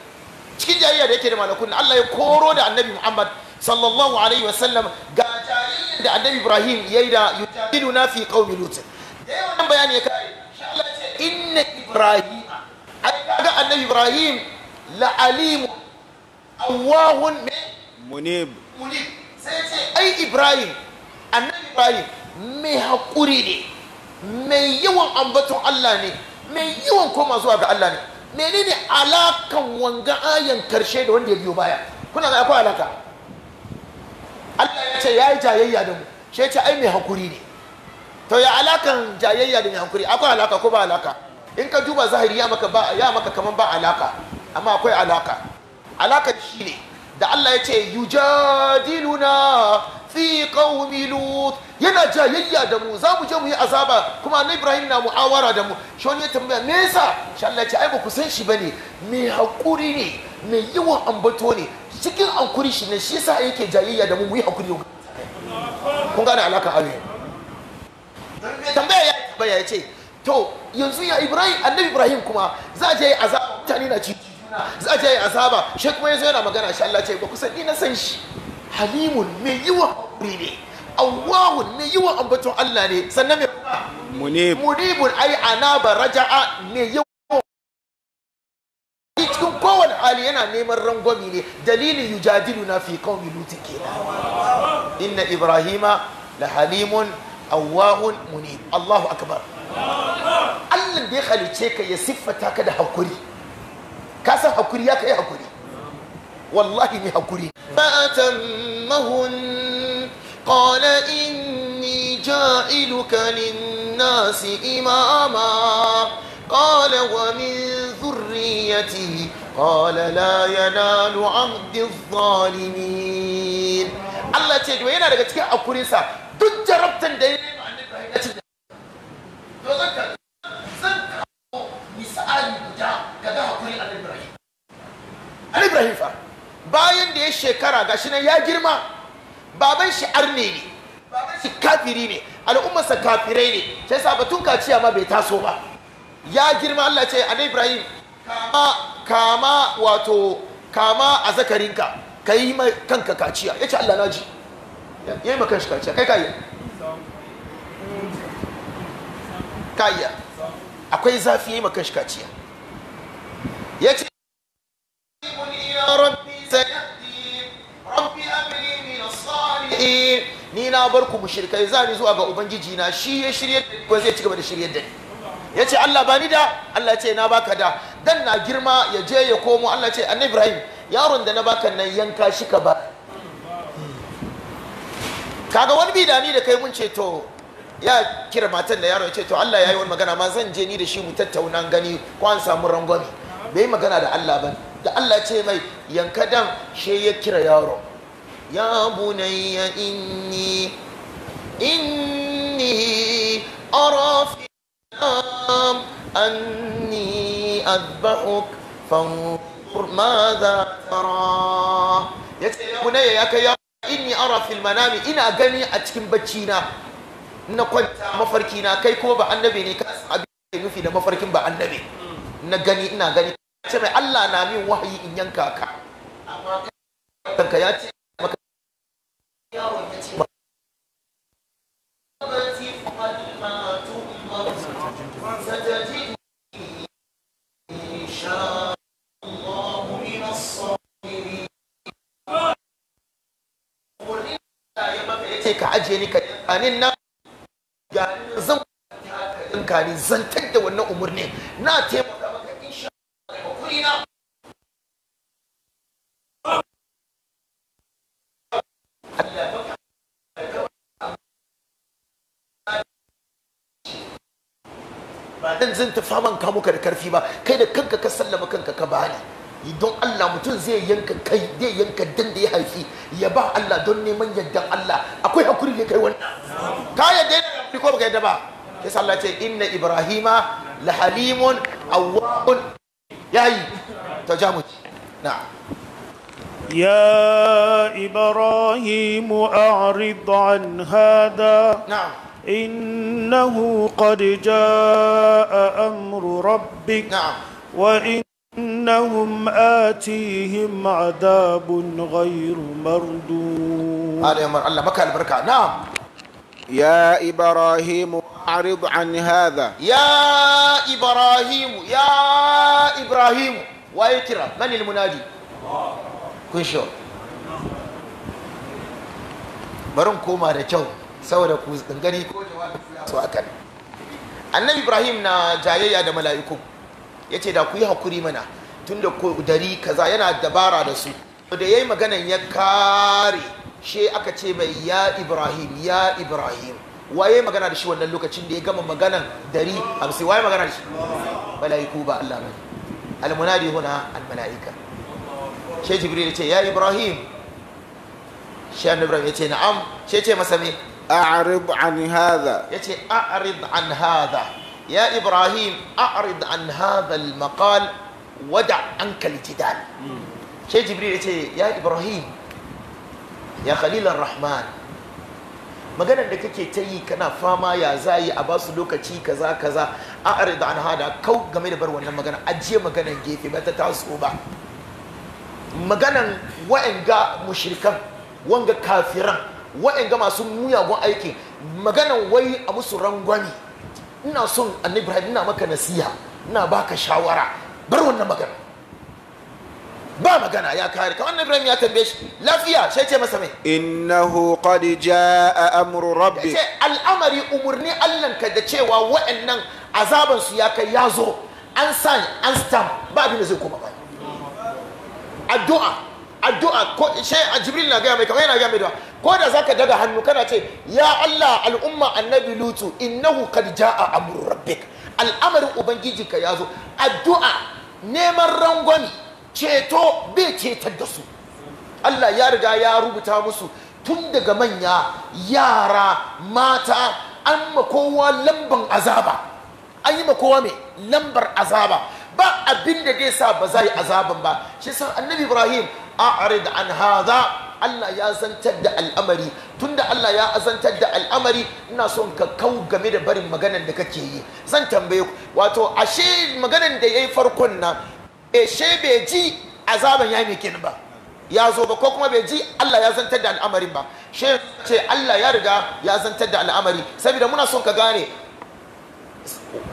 cikin jariya da yake da malakun Allah ya koro da annabi Muhammad sallallahu alaihi wasallam ga jariyar da annabi Ibrahim ya yi da na fi qaumi lut da yawan bayani ya kare insha Allah ce inna Ibrahim ai kaga annabi Ibrahim la alim awahun munib munib sai ce ai Ibrahim annabi Ibrahim mai hakuri ne mai yawan ambaton Allah ne mai yawan koma zuwa ga Allah ne menene alakan wanga ayan karshe da wanda ya biyo baya kuna ga akwai alaka Allah ya ce yayi jayayya da mu shi ya ce ai mai hakuri ne to ya alakan jayayya da mai hakuri akwai alaka ko ba alaka in ka duba zahiri ya maka ba ya maka kaman ba alaka amma akwai alaka alaka ne. da Allah ya ce yujadiluna fi qaumi lut yana jayayya da mu za mu je mu yi azaba kuma na Ibrahim na mu'awara da mu shi ya tambaya me yasa shi Allah ya ce ai ba ku san shi bane me hakuri ne me yawan ambato ne cikin hankuri shi ne shi yasa yake jayayya da mu mu yi hakuri kun gane alaka ayoyi tambaya ya tambaya ya ce to yanzu ya Ibrahim annabi Ibrahim kuma za a je azaba mutane na ciki za ta yi azaba shi kuma yazo yana magana shi Allah ce ba kusan ni na san shi halimun mai yiwa hakuri ne awwahun mai yiwa ambaton Allah ne sannan mai munib munibun ai anaba raja'a mai yiwa cikin kowane hali yana neman rangwami ne dalilin yujadilu na fi qaumi lutin kenan inna ibrahima la halimun awwahun munib Allahu akbar Allah da ya halice ka ya siffata ka da hakuri Kasan san hakuri ya kai hakuri wallahi ni hakuri fa atammahun qala inni ja'iluka lin-nasi imama qala wa min dhurriyyati qala la yanalu 'abdi adh-dhalimin Allah ce yana daga cikin hakurinsa duk jarabtan da ya yi annabi ya ce to sa'ali guda ga ga hakuri an ibrahim an ibrahim fa bayan da ya shekara gashi nan ya girma baban shi arne ne baban shi kafiri ne al'ummarsa kafirai ne sai sa batun kaciya ma bai taso ba ya girma Allah ce an ibrahim kama wato kama a zakarinka ka yi kanka kaciya ya ce Allah na ji ya yi makanshi kaciya kai kayi kayi akwai zafi yi makan shi kaciya ce ni na bar ku mushirkai za ni zuwa ga ubangiji na shi ya shirye ko zai ci gaba da shirye da ni Ya ce Allah ba ni da Allah ce na baka da dan na girma ya je ya komo Allah ce annabi Ibrahim yaron da na baka nan yanka shi ka ba kaga wani bidani da kai mun ce to ya kira matan da yaro ya ce to Allah ya yi wani magana ma zan je ni da shi mu tattauna gani ko an samu rangwame bai magana da Allah ba da Allah ce mai yanka dan she ya kira yaro ya bunayya inni inni ara fi anni adbahuk fanzur madha tara yace bunayya ya kai yaro inni ara fil manami ina gani a cikin bacci na na kwanta mafarki na kai kuma ba annabi ne ka abin da nufi da mafarkin ba annabi na gani ina gani ce mai Allah na min wahayi in yanka ka amma kanka ya ce maka ka ajiye ni ka anin na zan kare zan zantar wannan umarni na taimaka maka insha Allah ba dan zan tafa man ka muka da karfi ba kai da kanka ka sallama kanka ka bani don Allah mutum zai yanka kai zai yanka dan da ya haifi ya ba Allah don neman yardan Allah akwai hakuri ne kai wannan ka yadda ni ko baka yadda ba ke sallace inna ibrahima lahalimun awwabun yayi to jamu na ya ibrahim a'rid an hada na انه قد جاء امر ربك نعم وانهم اتيهم عذاب غير مردود هذا يا يا إبراهيم أعرض عن هذا يا إبراهيم يا إبراهيم ويترى من المنادي kun shi barin koma da kyau saboda ku gani ko su akan annabi ibrahim na jayayya da mala'iku ya ce da ku yi hakuri mana tun da dari kaza yana dabara da su da ya yi maganan ya kare she aka ce mai ya ibrahim ya ibrahim waye magana da shi wannan lokacin da ya gama maganan dari hamsin waye magana da shi mala'iku ba Allah bane almunadi huna almala'ika she jibril ya ce ya ibrahim she ibrahim ya ce na'am she ce masa me a'rid an hadha ya ce a'rid an hadha ya ibrahim a'rid an hadha al-maqal wada anka al-jidal hmm. she jibril ya ce ya ibrahim ya khalilar rahman maganar da kake ta yi kana fama ya za yi a basu lokaci kaza kaza a arida an hada kau game da bar wannan magana ajiye maganar gefe ba ta taso ba maganan wa'anga mushrikan wanga kafiran wa'anga masu muyagun aiki maganan wai a musu rangwani ina son annabi ibrahim ina maka nasiha ina baka shawara bar wannan magana ba magana ya kare ka wannan Ibrahim ya tambaye shi lafiya sai ce masa mai innahu qad jaa amru rabbi ce al'amari umurni Allah ka da cewa wa'annan azaban su ya kai ya zo an san an stam ba abin da zai koma ba addu'a addu'a ko sai Jibril na ga mai kamar yana ga mai da ko da zaka daga hannu kana ce ya Allah al'umma annabi lutu innahu qad jaa amru rabbik al'amarin ubangiji ya zo addu'a neman rangwani ceto bai cetar da su Allah ya riga ya rubuta musu tun daga manya yara mata an ma kowa lamban azaba an yi ma kowa mai lambar azaba ba abin da zai sa ba za yi azaban ba shi san annabi ibrahim a da an haza Allah ya zantar da al'amari Tun da Allah ya zantar da al'amari ina son ka kau game da barin maganar da kake yi zan tambaye ku wato ashe maganar da ya yi farkon nan e she bai ji azaban ya mai kenan ba ya zo ba ko kuma bai ji Allah ya zantar da al'amarin ba she ce Allah ya riga ya zantar da al'amari saboda muna son ka gane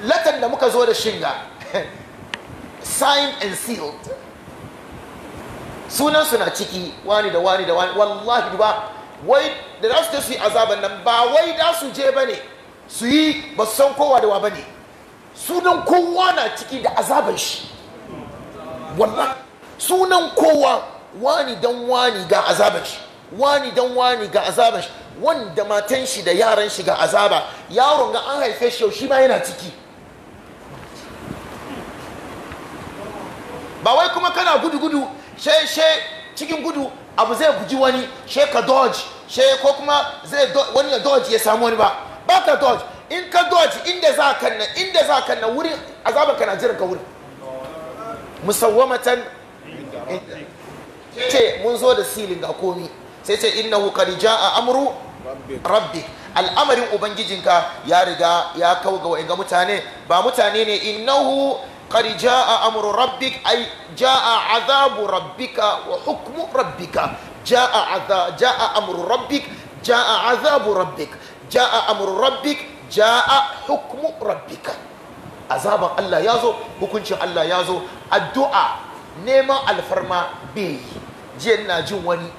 latan da muka zo da shinga sign and seal sunan suna ciki wani da wani da wani wallahi ba wai da za su je su yi azaban nan ba wai da su je ba ne su yi ba su san kowa da wa ba ne sunan kowa na ciki da azaban shi Wannan sunan kowa wani dan wani ga azabar shi wani dan wani ga azabar shi wanda matan shi da yaran shi ga azaba yaron ga an haife shi shi ma yana ciki ba wai kuma kana gudu gudu shai shai cikin gudu abu zai guji wani shai ka dodge shai ko kuma zai wani ya dodge ya samu wani ba ba ka dodge in ka dodge inda za ka na inda za ka wurin azaban ka na jiran ka wurin musawwamatan ce mun zo da silin ga komi sai ce innahu qad jaa amru rabbi al'amarin ubangijinka ya riga ya kau ga wa'inga mutane ba mutane ne innahu qad jaa amru rabbi ja jaa azabu rabbika wa hukmu rabbika jaa azab jaa amru rabbi jaa azabu rabbik jaa amru rabbik jaa hukmu rabbika azaban Allah ya zo hukuncin Allah ya zo addu'a neman alfarma bai yi jiya na jin wani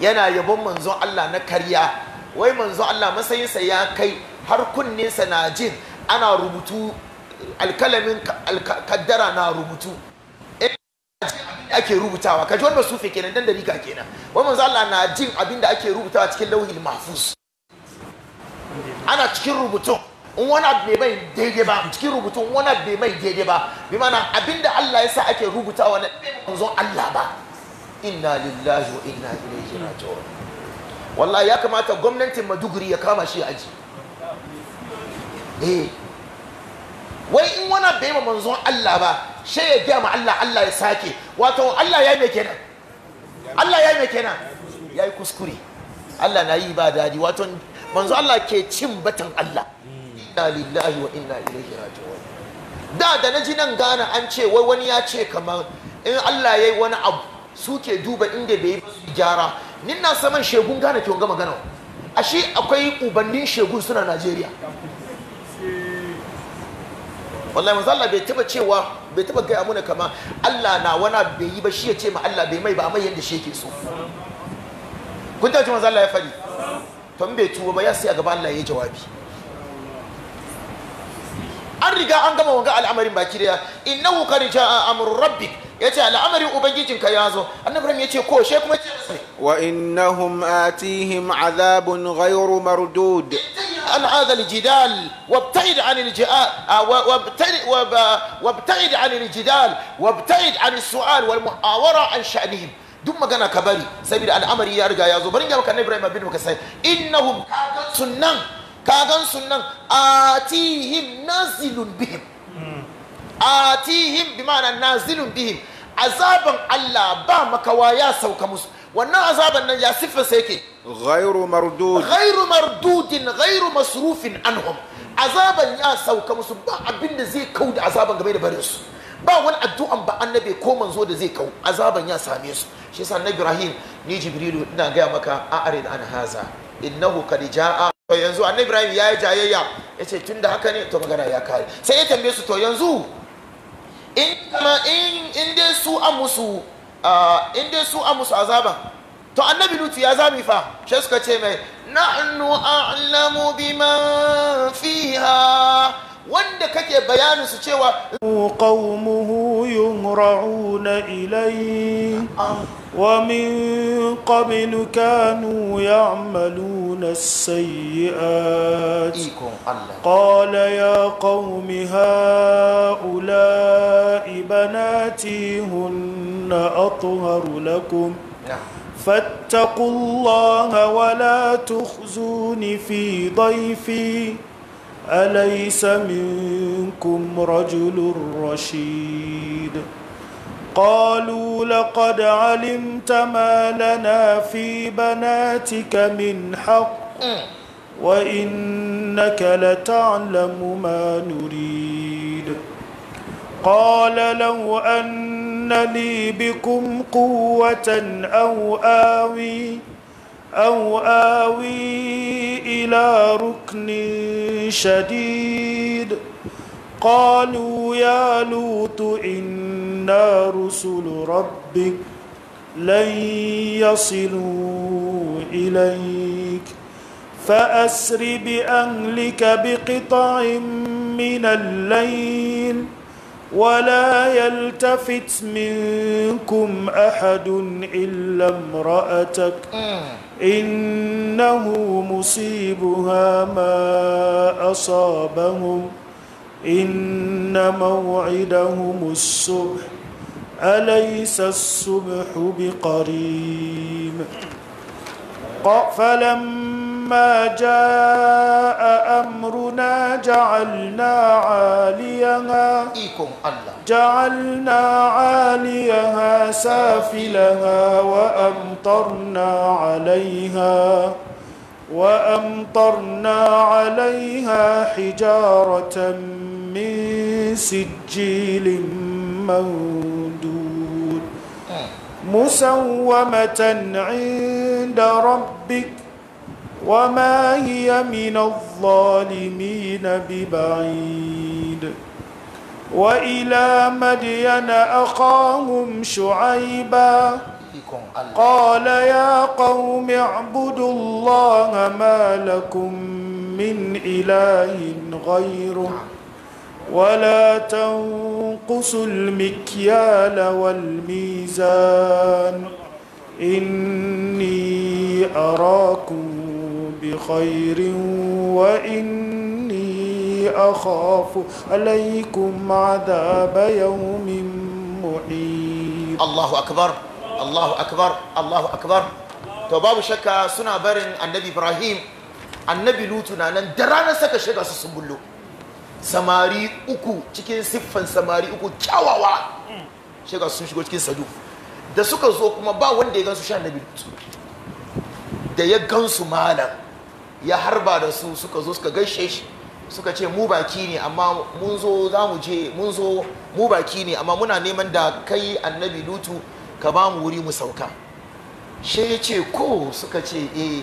yana yabon manzon Allah na karya wai manzon Allah matsayinsa ya kai har kunninsa na jin ana rubutu alkalamin kaddara na rubutu eh, ake rubutawa kaji su sufe kenan dan ka kenan wai manzo Allah na jin abin da ake rubutawa cikin lauhil mahfuz ana cikin rubutun in wani abu bai mai daidai ba cikin rubutun wani abu bai mai daidai ba bi mana abinda Allah ya sa ake rubutawa na manzon Allah ba inna lillahi wa inna ilaihi raji'un wallahi ya kamata gwamnatin Maduguri ya kama shi aji eh wai in wani abu bai ma manzon Allah ba she ya gaya ma Allah Allah ya sake wato Allah ya yi mai kenan Allah ya yi mai kenan ya yi kuskure Allah na yi ba dadi wato manzo Allah ke cin batan Allah inna lillahi wa inna ilaihi raji'un da da naji nan gana an ce wai wani ya ce kamar in Allah yayi wani abu suke duba inda bai yi gyara nin na saman shegun gana ke gama gana ashe akwai ubannin shegun suna Najeriya wallahi manzo Allah bai taba cewa bai taba gaya mana kama Allah na wana bai yi ba shi ya ce ma Allah bai mai ba amma yanda shi yake so kun ta ji manzo Allah ya fadi to in bai tuba ba ya sai a gaba Allah ya jawabi an riga an gama wanga al'amarin baki daya innahu qad jaa rabbi ya ce al'amarin ubangijinka ya zo annabi ya ce ko she kuma ce wa innahum atihim azabun ghayru mardud an hadha al-jidal wabta'id 'an al-jidal wabta'id 'an al-jidal wabta'id 'an as-su'al wal mu'awara an sha'nihim duk magana ka bari saboda al'amari ya riga ya zo bari ga maka annabi Ibrahim bin Mukassai innahum sunnan kagan sunan atihim nazilun bihim hmm. atihim bi ma'ana nazilun bihim azaban Allah ba makawa ya sauka musu wannan azaban nan ya siffa sai yake ghairu mardud ghairu mardudin ghairu masrufin anhum azaban ya sauka musu ba abin zai kau da azaban game da bare su ba wani addu'an ba annabi ko manzo da zai kau azaban ya same su shi yasa na Ibrahim ni Jibrilu ina gaya maka a a'rid an haza innahu qad jaa to yanzu annabi ibrahim ya yi jayayya ya ce tun da haka ne to magana ya kare sai ya tambaye su to yanzu in kama in dai su a musu in dai su a musu azaba to annabi lutu ya zami fa shi suka ce mai na'nu a'lamu biman fiha suke bayanin su cewa qaumuhu yumra'una ilayhi wa min qablu kanu ya'maluna as-sayyi'at qala ya qaumi ha'ula'i banati hunna atharu lakum فاتقوا الله ولا تخزون في ضيفي أليس منكم رجل رشيد قالوا لقد علمت ما لنا في بناتك من حق وإنك لتعلم ما نريد قال لو أن لي بكم قوة أو آوي أو آوي إلى ركن شديد قالوا يا لوط إنا رسل ربك لن يصلوا إليك فأسر بأهلك بقطع من الليل ۖ ولا يلتفت منكم احد الا امراتك آه. انه مصيبها ما اصابهم ان موعدهم الصبح اليس الصبح بقريب فلما فلما جاء أمرنا جعلنا عاليها جعلنا عاليها سافلها وأمطرنا عليها وأمطرنا عليها حجارة من سجيل مندود مسومة عند ربك وما هي من الظالمين ببعيد وإلى مدين أخاهم شعيبا قال يا قوم اعبدوا الله ما لكم من إله غيره ولا تنقصوا المكيال والميزان إني أراكم بخير وإني أخاف عليكم عذاب يوم محيط الله أكبر الله أكبر الله أكبر to babu shakka suna barin annabi ibrahim annabi lutu na nan da ranar saka shiga su sun bullo samari uku cikin siffan samari uku kyawawa shiga sun shigo cikin sadu da suka zo kuma ba wanda ya gansu sha annabi lutu da ya gansu malam ya harba da su suka zo suka gaishe shi suka ce mu baki ne amma mun zo za mu je mun zo mu baki ne amma muna neman da kai annabi lutu ka ba mu wuri mu sauka shi ya ce ko suka ce eh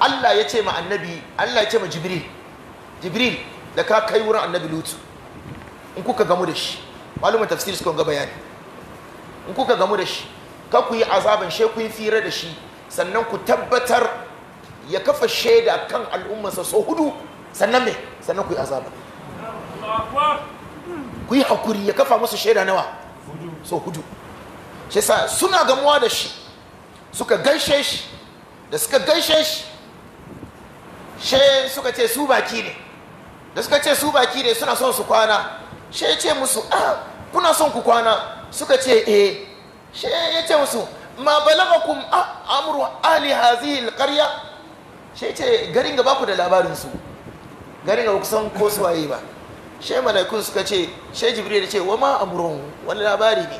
Allah ya ce ma annabi Allah ya ce ma jibril jibril da ka kai wurin annabi lutu in kuka gamu da shi malumin tafsir suka ga bayani in kuka gamu da shi ka ku yi azaban she fira da shi sannan ku tabbatar ya kafa shaida kan al'ummarsa so hudu sannan me sannan ku yi azaba ku yi hakuri ya kafa musu shaida nawa so hudu shi sa suna gamuwa da shi suka gaishe shi da suka gaishe shi she suka ce su baki ne da suka ce su baki ne suna son su kwana she ya ce musu ah kuna son ku kwana suka ce eh she ya ce musu ma balagakum ah, amru ahli hazihi alqarya shi ce garin gaba ku da labarinsu garin ga kusan ko suwaye ba shi malakun suka ce shi jibril ce wa ma amurun wani labari ne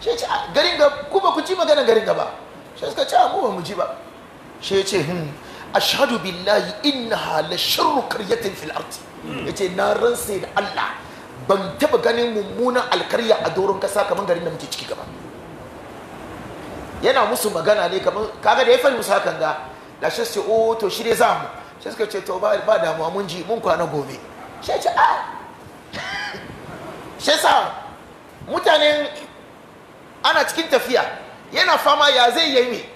shi ce ah, garin ga ku ba ku ji magana garin gaba shi suka ce ah, mu ba mu ji ba shi ce hmm ashhadu billahi innaha la sharru qaryatin fil Ya hmm. yace na ransa da Allah ban taba ganin mummunan alkarya a doron kasa kamar garin da muke ciki gaba yana musu magana ne kamar kaga da ya fahimta hakan ga da shi su o oh, to shi dai za mu suka ce to ba damuwa mun ji mun kwana gobe ah! shi ce a shi sa mutanen ana cikin tafiya yana fama ya zai yi me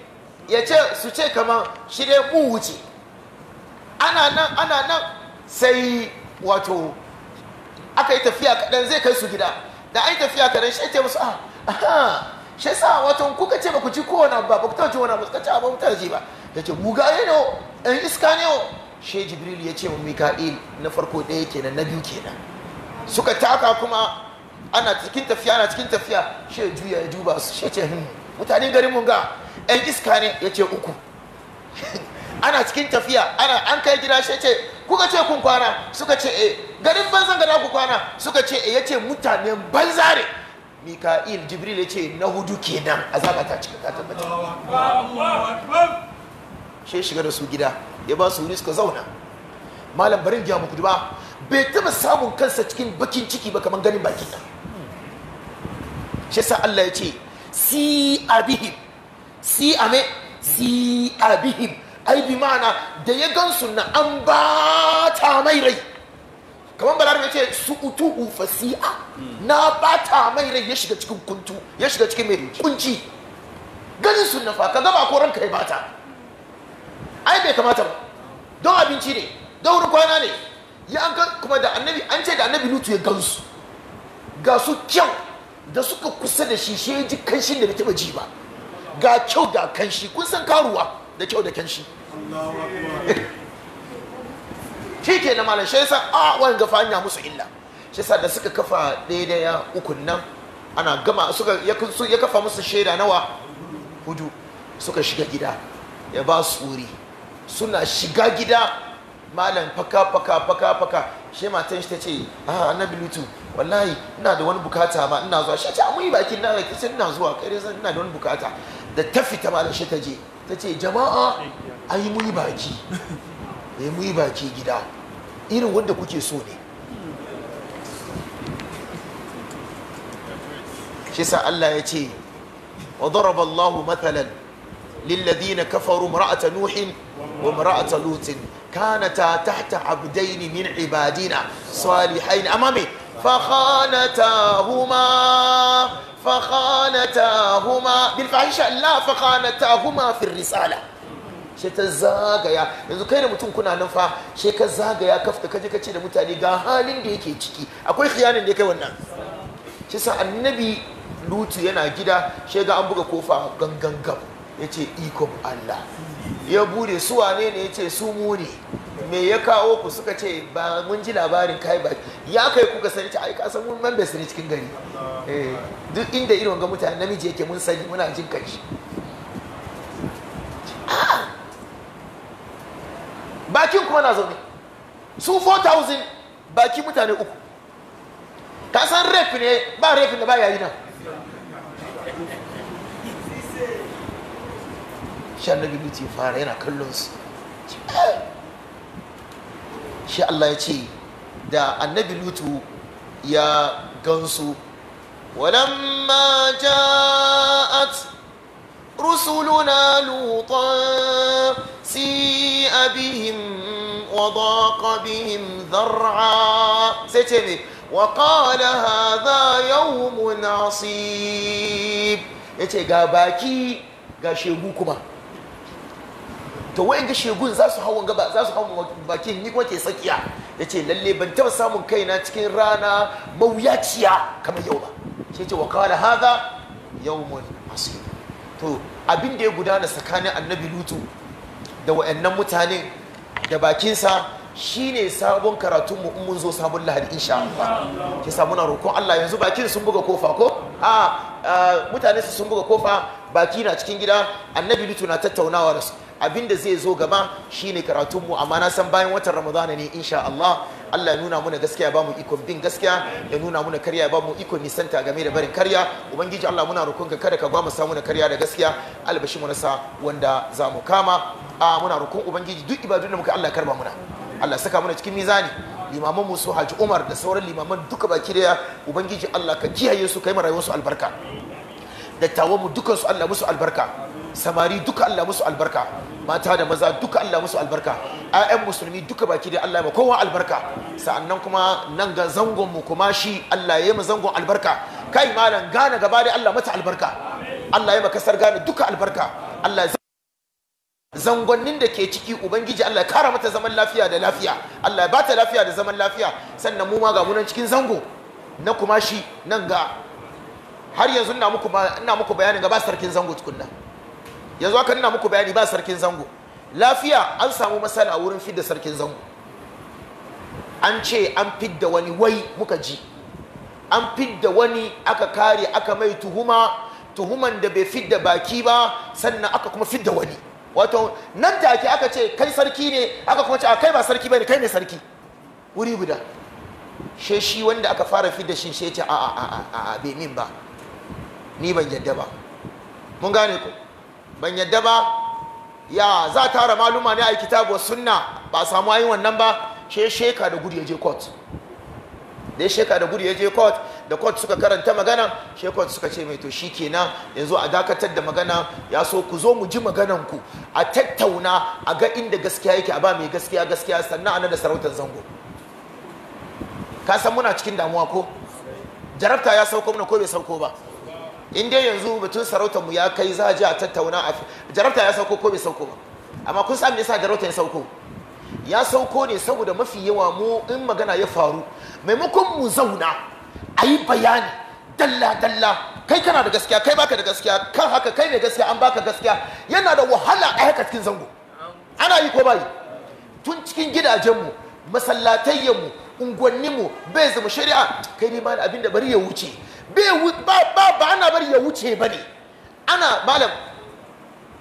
ya ce su ce kamar shi dai mu wuce ana nan ana nan sai wato aka yi tafiya kaɗan zai kai su gida da an yi tafiya kaɗan shi ce musu ah, a shi sa wato kuka ce ba ku ji kowane ba ba ku taɓa ji wani ba ku taɓa ji ba ya ce mugaye ne o ɗan iska ne o shi jibril ya ce wa mika'il na farko ɗaya kenan na biyu kenan suka taka kuma ana cikin tafiya ana cikin tafiya shi ya juya ya duba su shi ce hmm mutane garin mun ga ɗan iska ne ya ce uku ana cikin tafiya ana an kai gida shi ce kuka ce kun kwana suka ce e garin banzan gada ku kwana suka ce e ya ce mutanen banza ne mika'il jibril ya ce na hudu kenan azaba ta cika ta tabbata shi shiga da su gida ya ba su wuri suka zauna malam barin gya muku ba bai taba samun kansa cikin bakin ciki ba kamar ganin bakin nan shi sa Allah ya ce si abihim si ame si abihim ai bi ma'ana da ya gan na an ba ta mai rai kamar balar ya ce su utu fasia na ba ta mai rai ya shiga cikin kuntu ya shiga cikin mai kunci ganin sunna fa ka gaba ko ranka ya bata ai bai kamata ba don abinci ne don wurin kwana ne ya an kuma da annabi an ce da annabi nutu ya gansu ga su kyau da suka kusa da shi shi ya ji kanshin da bai taba ji ba ga kyau da kanshi kun san karuwa da kyau da kanshi shi ke na malam shi yasa a ah, wani gafa hanya musu illa shi yasa da suka kafa daidaya ukun nan ana gama suka ya kafa musu shaida nawa hudu suka shiga gida ya ba su wuri suna shiga gida malam faka faka faka faka shi matan shi ta ce a annabi lutu wallahi ina da wani bukata ma ina zuwa shi ta mun yi bakin na ina zuwa kai zan ina da wani bukata da ta fita malam shi ta je ta ce jama'a ai mun yi baki eh mun yi baki gida irin wanda kuke so ne shi sa Allah ya ce wa daraba Allahu matalan للذين كفروا امرأة نوح وامرأة لوط كانتا تحت عبدين من عبادنا صالحين أمامي فخانتاهما فخانتاهما بالفحشاء لا فخانتاهما في الرسالة shi ta zagaya yanzu kai da mutum kuna nan fa ka zagaya kafka kaje ka ce da mutane ga halin da yake ciki akwai khiyanin da kai wannan shi sa annabi lutu yana gida shi ga an buga kofa gangan gab ya ce ikon Allah ya bude su wane ne ya ce su muni me ya kawo ku suka ce ba mun ji labarin kai ba ya kai kuka sani ta aika san mun bai sani cikin gari eh, duk inda irin ga mutane namiji yake mun sani muna jin kanshi ah! bakin kuma na zaune su 4000 baki mutane uku ka san ref ne ba rafi da ba yayi nan sai annabi ya fara yana kallon su shi Allah ya ce da annabi lutu ya gansu walamma ja'at rusuluna lutan si bihim wa daqa bihim dhar'a sai ce ne وقال هذا يوم ya yace ga baki ga shegu kuma to wayan ga shegun za su hawan gaba za su hawan bakin ni kuma ke tsakiya yace lalle ban taɓa samun kaina cikin rana mawuyaciya kamar yau ba shi yace wa qala hadha yawmun asir to abin da ya gudana tsakanin annabi lutu da wayannan mutane da bakinsa shine sabon karatun mu mun zo sabon lahadi insha Allah ke sa muna roƙon Allah yanzu bakin sun buga kofa ko a mutane su sun buga kofa baki na cikin gida annabi lutu na tattaunawa da su da zai zo gaba shi ne karatunmu amma na san bayan watan ramadana ne insha Allah Allah ya nuna muna gaskiya ba mu ikon bin gaskiya ya nuna muna karya ba mu ikon nisanta game da barin karya ubangiji Allah muna rukunka kada ka gwamu samu na karya da gaskiya albashi mu sa wanda za mu kama a muna rukun ubangiji duk ibadun da muka Allah karba muna Allah saka muna cikin mizani limaman mu su Haji Umar da sauran limaman duka baki daya ubangiji Allah ka kiyaye su kai rayuwar su albarka dattawan mu dukan su Allah musu albarka samari duka Allah musu albarka mata da maza duka Allah musu albarka ayan musulmi duka baki daya Allah ya kowa albarka sa'annan kuma nan ga zangon mu kuma shi Allah ya yi zangon albarka kai malam gane gaba da Allah mata albarka Allah ya maka sarga duka albarka Allah zangonnin da ke ciki ubangiji Allah ya kara mata zaman lafiya da lafiya Allah ya bata lafiya da zaman lafiya sannan mu ma ga munan cikin zango na kuma shi nan ga har yanzu ina muku ina muku bayanin ga ba sarkin zango nan yanzu haka ina muku bayani ba sarkin zango lafiya an samu masala a wurin fidda sarkin zango an ce an fidda wani wai muka ji an fidda wani aka kare aka mai tuhuma tuhuman da bai fidda baki ba sannan aka kuma fidda wani wato nan take aka ce kai sarki ne aka kuma ce a kai ba sarki bane kai ne sarki wuri guda she shi wanda aka fara fidda shi she ce a a a a a bai min ba ni ban yadda ba mun gane ku ban yadda ba ya za tara maluma ne a kitabu sunna ba samu ayin wannan ba she sheka da gudu ya je court da ya sheka da gudu ya je court da court suka karanta magana she court suka ce mai to shikenan yanzu a dakatar da magana ya so ku zo mu ji maganan ku a tattauna a ga inda gaskiya yake a ba mai gaskiya gaskiya sannan ana da sarautar zango ka san muna cikin damuwa ko jarabta ya sauko mana ko bai sauko ba in dai yanzu batun sarautar mu ya kai za a je a tattauna jarabta ya sauko ko bai sauko ba amma kun san me yasa jarabta ya sauko ya sauko ne saboda mafi yawa mu in magana ya faru maimakon mu zauna a yi bayani dalla dalla kai kana da gaskiya kai baka da gaskiya kan haka kai ne gaskiya an baka gaskiya yana da wahala a haka cikin zango ana yi ko bai tun cikin gidajenmu masallatayyanmu unguwanninmu bai zama shari'a kai ne abin da bari ya wuce ba ba ana bari ya wuce bane ana malam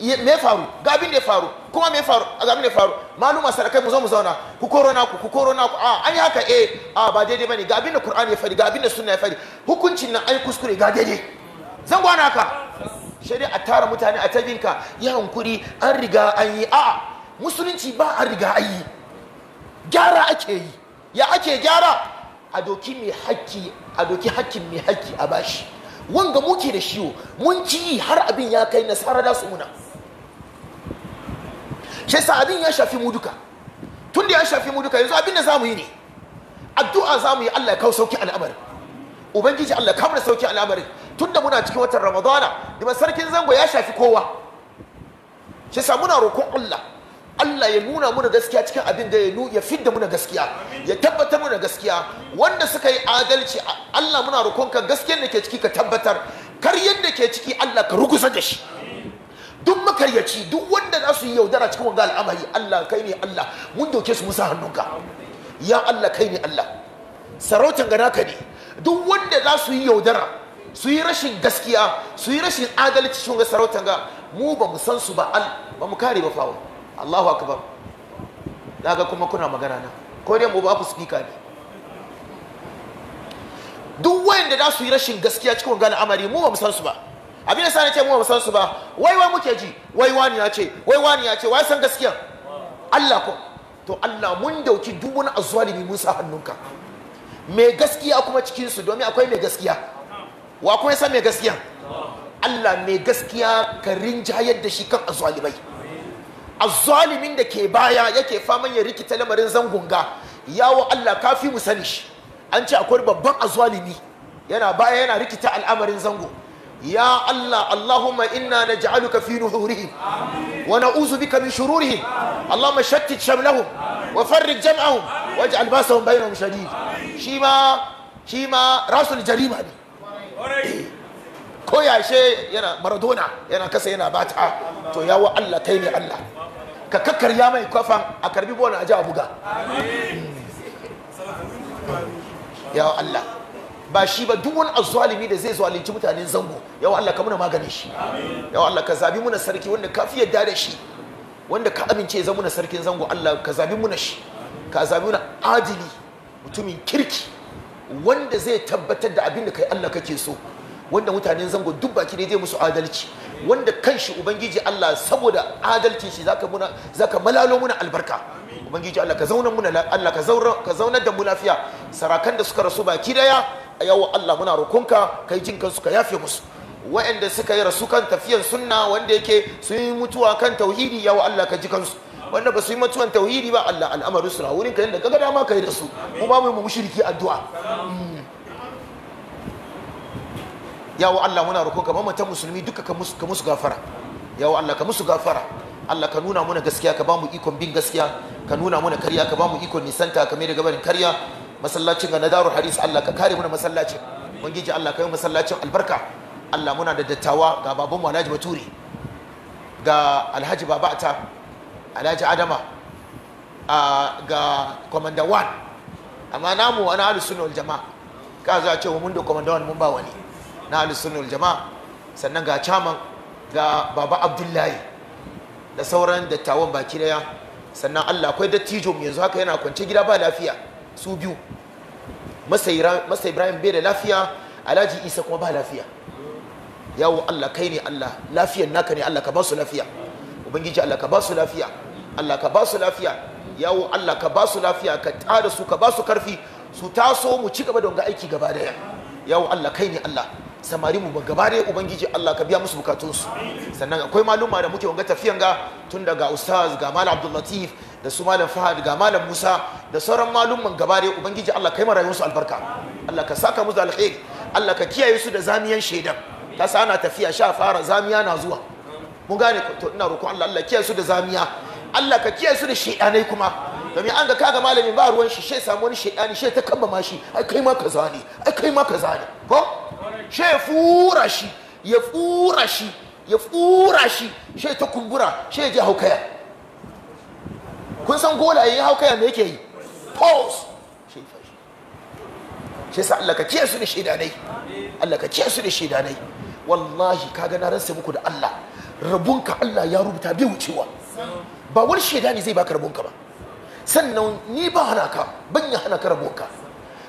me faru ga abin da ya faru kuma me faru ga abin da ya faru maluma sarakai mu zo mu zauna ku koro ku, ku koro ku, a an yi haka eh a ba daidai bane ga abin da qur'ani ya fari ga abin da sunna ya fari hukuncin nan ai kuskure ga daidai zan gwana haka shari'a a tara mutane a tabinka ya hankuri an riga an yi a'a musulunci ba an riga an yi gyara ake yi ya ake gyara a doki mai haƙƙi a doki haƙƙin mai haƙƙi a bashi wanga muke da shiwo mun ci har abin ya kai nasara da su muna shi sa abin ya shafi mu duka Tunda ya shafi mu duka yanzu abin da zamu yi ne addu'a zamu yi Allah ya kawo sauki al'amarin ubangiji Allah ya kawo sauki al'amarin Tunda muna cikin watan ramadana da sarkin zango ya shafi kowa shi muna roƙon Allah Allah ya nuna muna gaskiya cikin abin da ya nu ya fidda muna gaskiya ya tabbatar muna gaskiya wanda suka yi adalci Allah muna roƙonka gaskiyar da ke ciki ka tabbatar karyar da ke ciki Allah ka rugusa da shi duk makaryaci duk wanda za su yi yaudara cikin wanga al'amari Allah kai ne Allah mun doke su musa hannunka ya Allah kai ne Allah sarautan gana ka ne duk wanda za su yi yaudara su yi rashin gaskiya su yi rashin adalci cikin sarautan ga mu ba mu san su ba al ba mu kare ba fawo Allahu akbar daga kuma kuna magana na ko dai mu ba ku speaker ne duk wayanda za su yi rashin gaskiya cikin wannan amari mu ba mu san su ba abin da sa ce mu ba mu san su ba wai muke ji wai wani ya ce waiwa ne ya ce wai san gaskiya Allah ko to Allah mun dauki duk wani azzalimi mun sa hannunka mai gaskiya kuma cikin su domin akwai mai gaskiya wa kuma san mai gaskiya Allah mai gaskiya ka rinjayar da shi kan azzalimai azzalimin da ke baya yake faman ya rikita lamarin zangunga yawo Allah kafi mu sani shi an ce akwai babban azzalimi yana baya yana rikita al'amarin zango ya Allah Allahumma inna naj'aluka fi nuhurihim wa na'uzu bika min shururihim Allahumma shattit shamlahum wa farrij jam'ahum waj'al basahum bainahum shadid shi Shima rasul jarima ne ko yashe yana maradona yana kasa yana bata to yawo Allah yi ne Allah ka kakkarya mai kwafan a karbi bola a ji a buga yawo Allah ba shi ba duk wani azzalimi da zai zalunci mutanen zango yawo Allah ka muna maganin shi yawo Allah ka zabi muna sarki wanda ka fi yadda da shi wanda ka amince zama muna sarkin zango Allah ka zabi muna shi ka zabi muna adili mutumin kirki wanda zai tabbatar da abin da kai Allah kake so wanda mutanen zango duk baki ne zai musu adalci wanda kanshi ubangiji Allah saboda adalcin shi zaka muna zaka malalo muna albarka ubangiji Allah ka zauna muna Allah ka zauna ka zauna da mu lafiya sarakan da suka rasu baki daya yawo Allah muna rokonka kai jin kansu ka yafe musu waɗanda suka yi rasu kan tafiyan sunna wanda yake sun yi mutuwa kan tauhidi yawo Allah ka ji kansu wanda ba su yi mutuwan tauhidi ba Allah al'amarin su wurin ka yanda kaga dama kai da su mu ba mu mushriki addu'a hmm. yawo Allah muna ka mamatan musulmi duka ka musu gafara yawo Allah ka musu gafara Allah ka nuna muna gaskiya ka bamu ikon bin gaskiya ka nuna muna karya ka bamu ikon nisanta ka mai da gabarin karya masallacin ga nadaru hadis Allah ka kare muna masallacin ubangiji Allah ka yi masallacin albarka Allah muna da dattawa ga baban mu Alhaji Bature ga Alhaji Babata Alhaji Adama ga Commander 1 amma namu ana ahlus sunna wal jamaa ka za a ce mun da Commander 1 mun ba wani na alisunnul jama'a sannan ga caman ga baba abdullahi da sauran dattawan baki daya sannan allah akwai dattijo mu yanzu haka yana kwance gida ba lafiya su biyu masa ibrahim bai da lafiya alhaji isa kuma ba lafiya yawon allah kai ne allah lafiyan naka ne allah ka ba su lafiya ubangiji allah ka ba su lafiya allah ka ba su lafiya yawo allah ka ba su lafiya ka tada su ka ba su karfi su taso mu ci gaba don ga aiki gaba daya yawo allah kai ne allah samari mu gaba da ubangiji Allah ka biya musu bukatunsu sannan akwai maluma da muke wanga tafiyan ga tun daga ustaz ga malam Abdul Latif da su malam Fahad ga malam Musa da sauran malumman gaba da ubangiji Allah kai marayun su albarka Allah ka saka musu alkhair Allah ka kiyaye su da zamiyan shaidan ta sa ana tafiya sha fara zamiya na zuwa mun gane to ina roƙon Allah Allah kiyaye su da zamiya Allah ka kiyaye su da shaidanai kuma domin an ga kaga malamin ba ruwan shi sai samu wani shaidani sai ta kamba ma shi ai kai ma ka ne ai kai ma ka ne ko ya fura shi ya fura shi ya fura shi she ta kumbura she ya je haukaya kun san gola ya haukaya me yake yi pause ya fashi she sa Allah ka kiyaye su da shaidanai. Allah ka kiyaye su da shaidanai. wallahi kaga na ransa muku da Allah rabunka Allah ya rubuta bi wucewa ba wani shedani zai baka rabunka ba sannan ni ba hana ka ban ya hana ka rabunka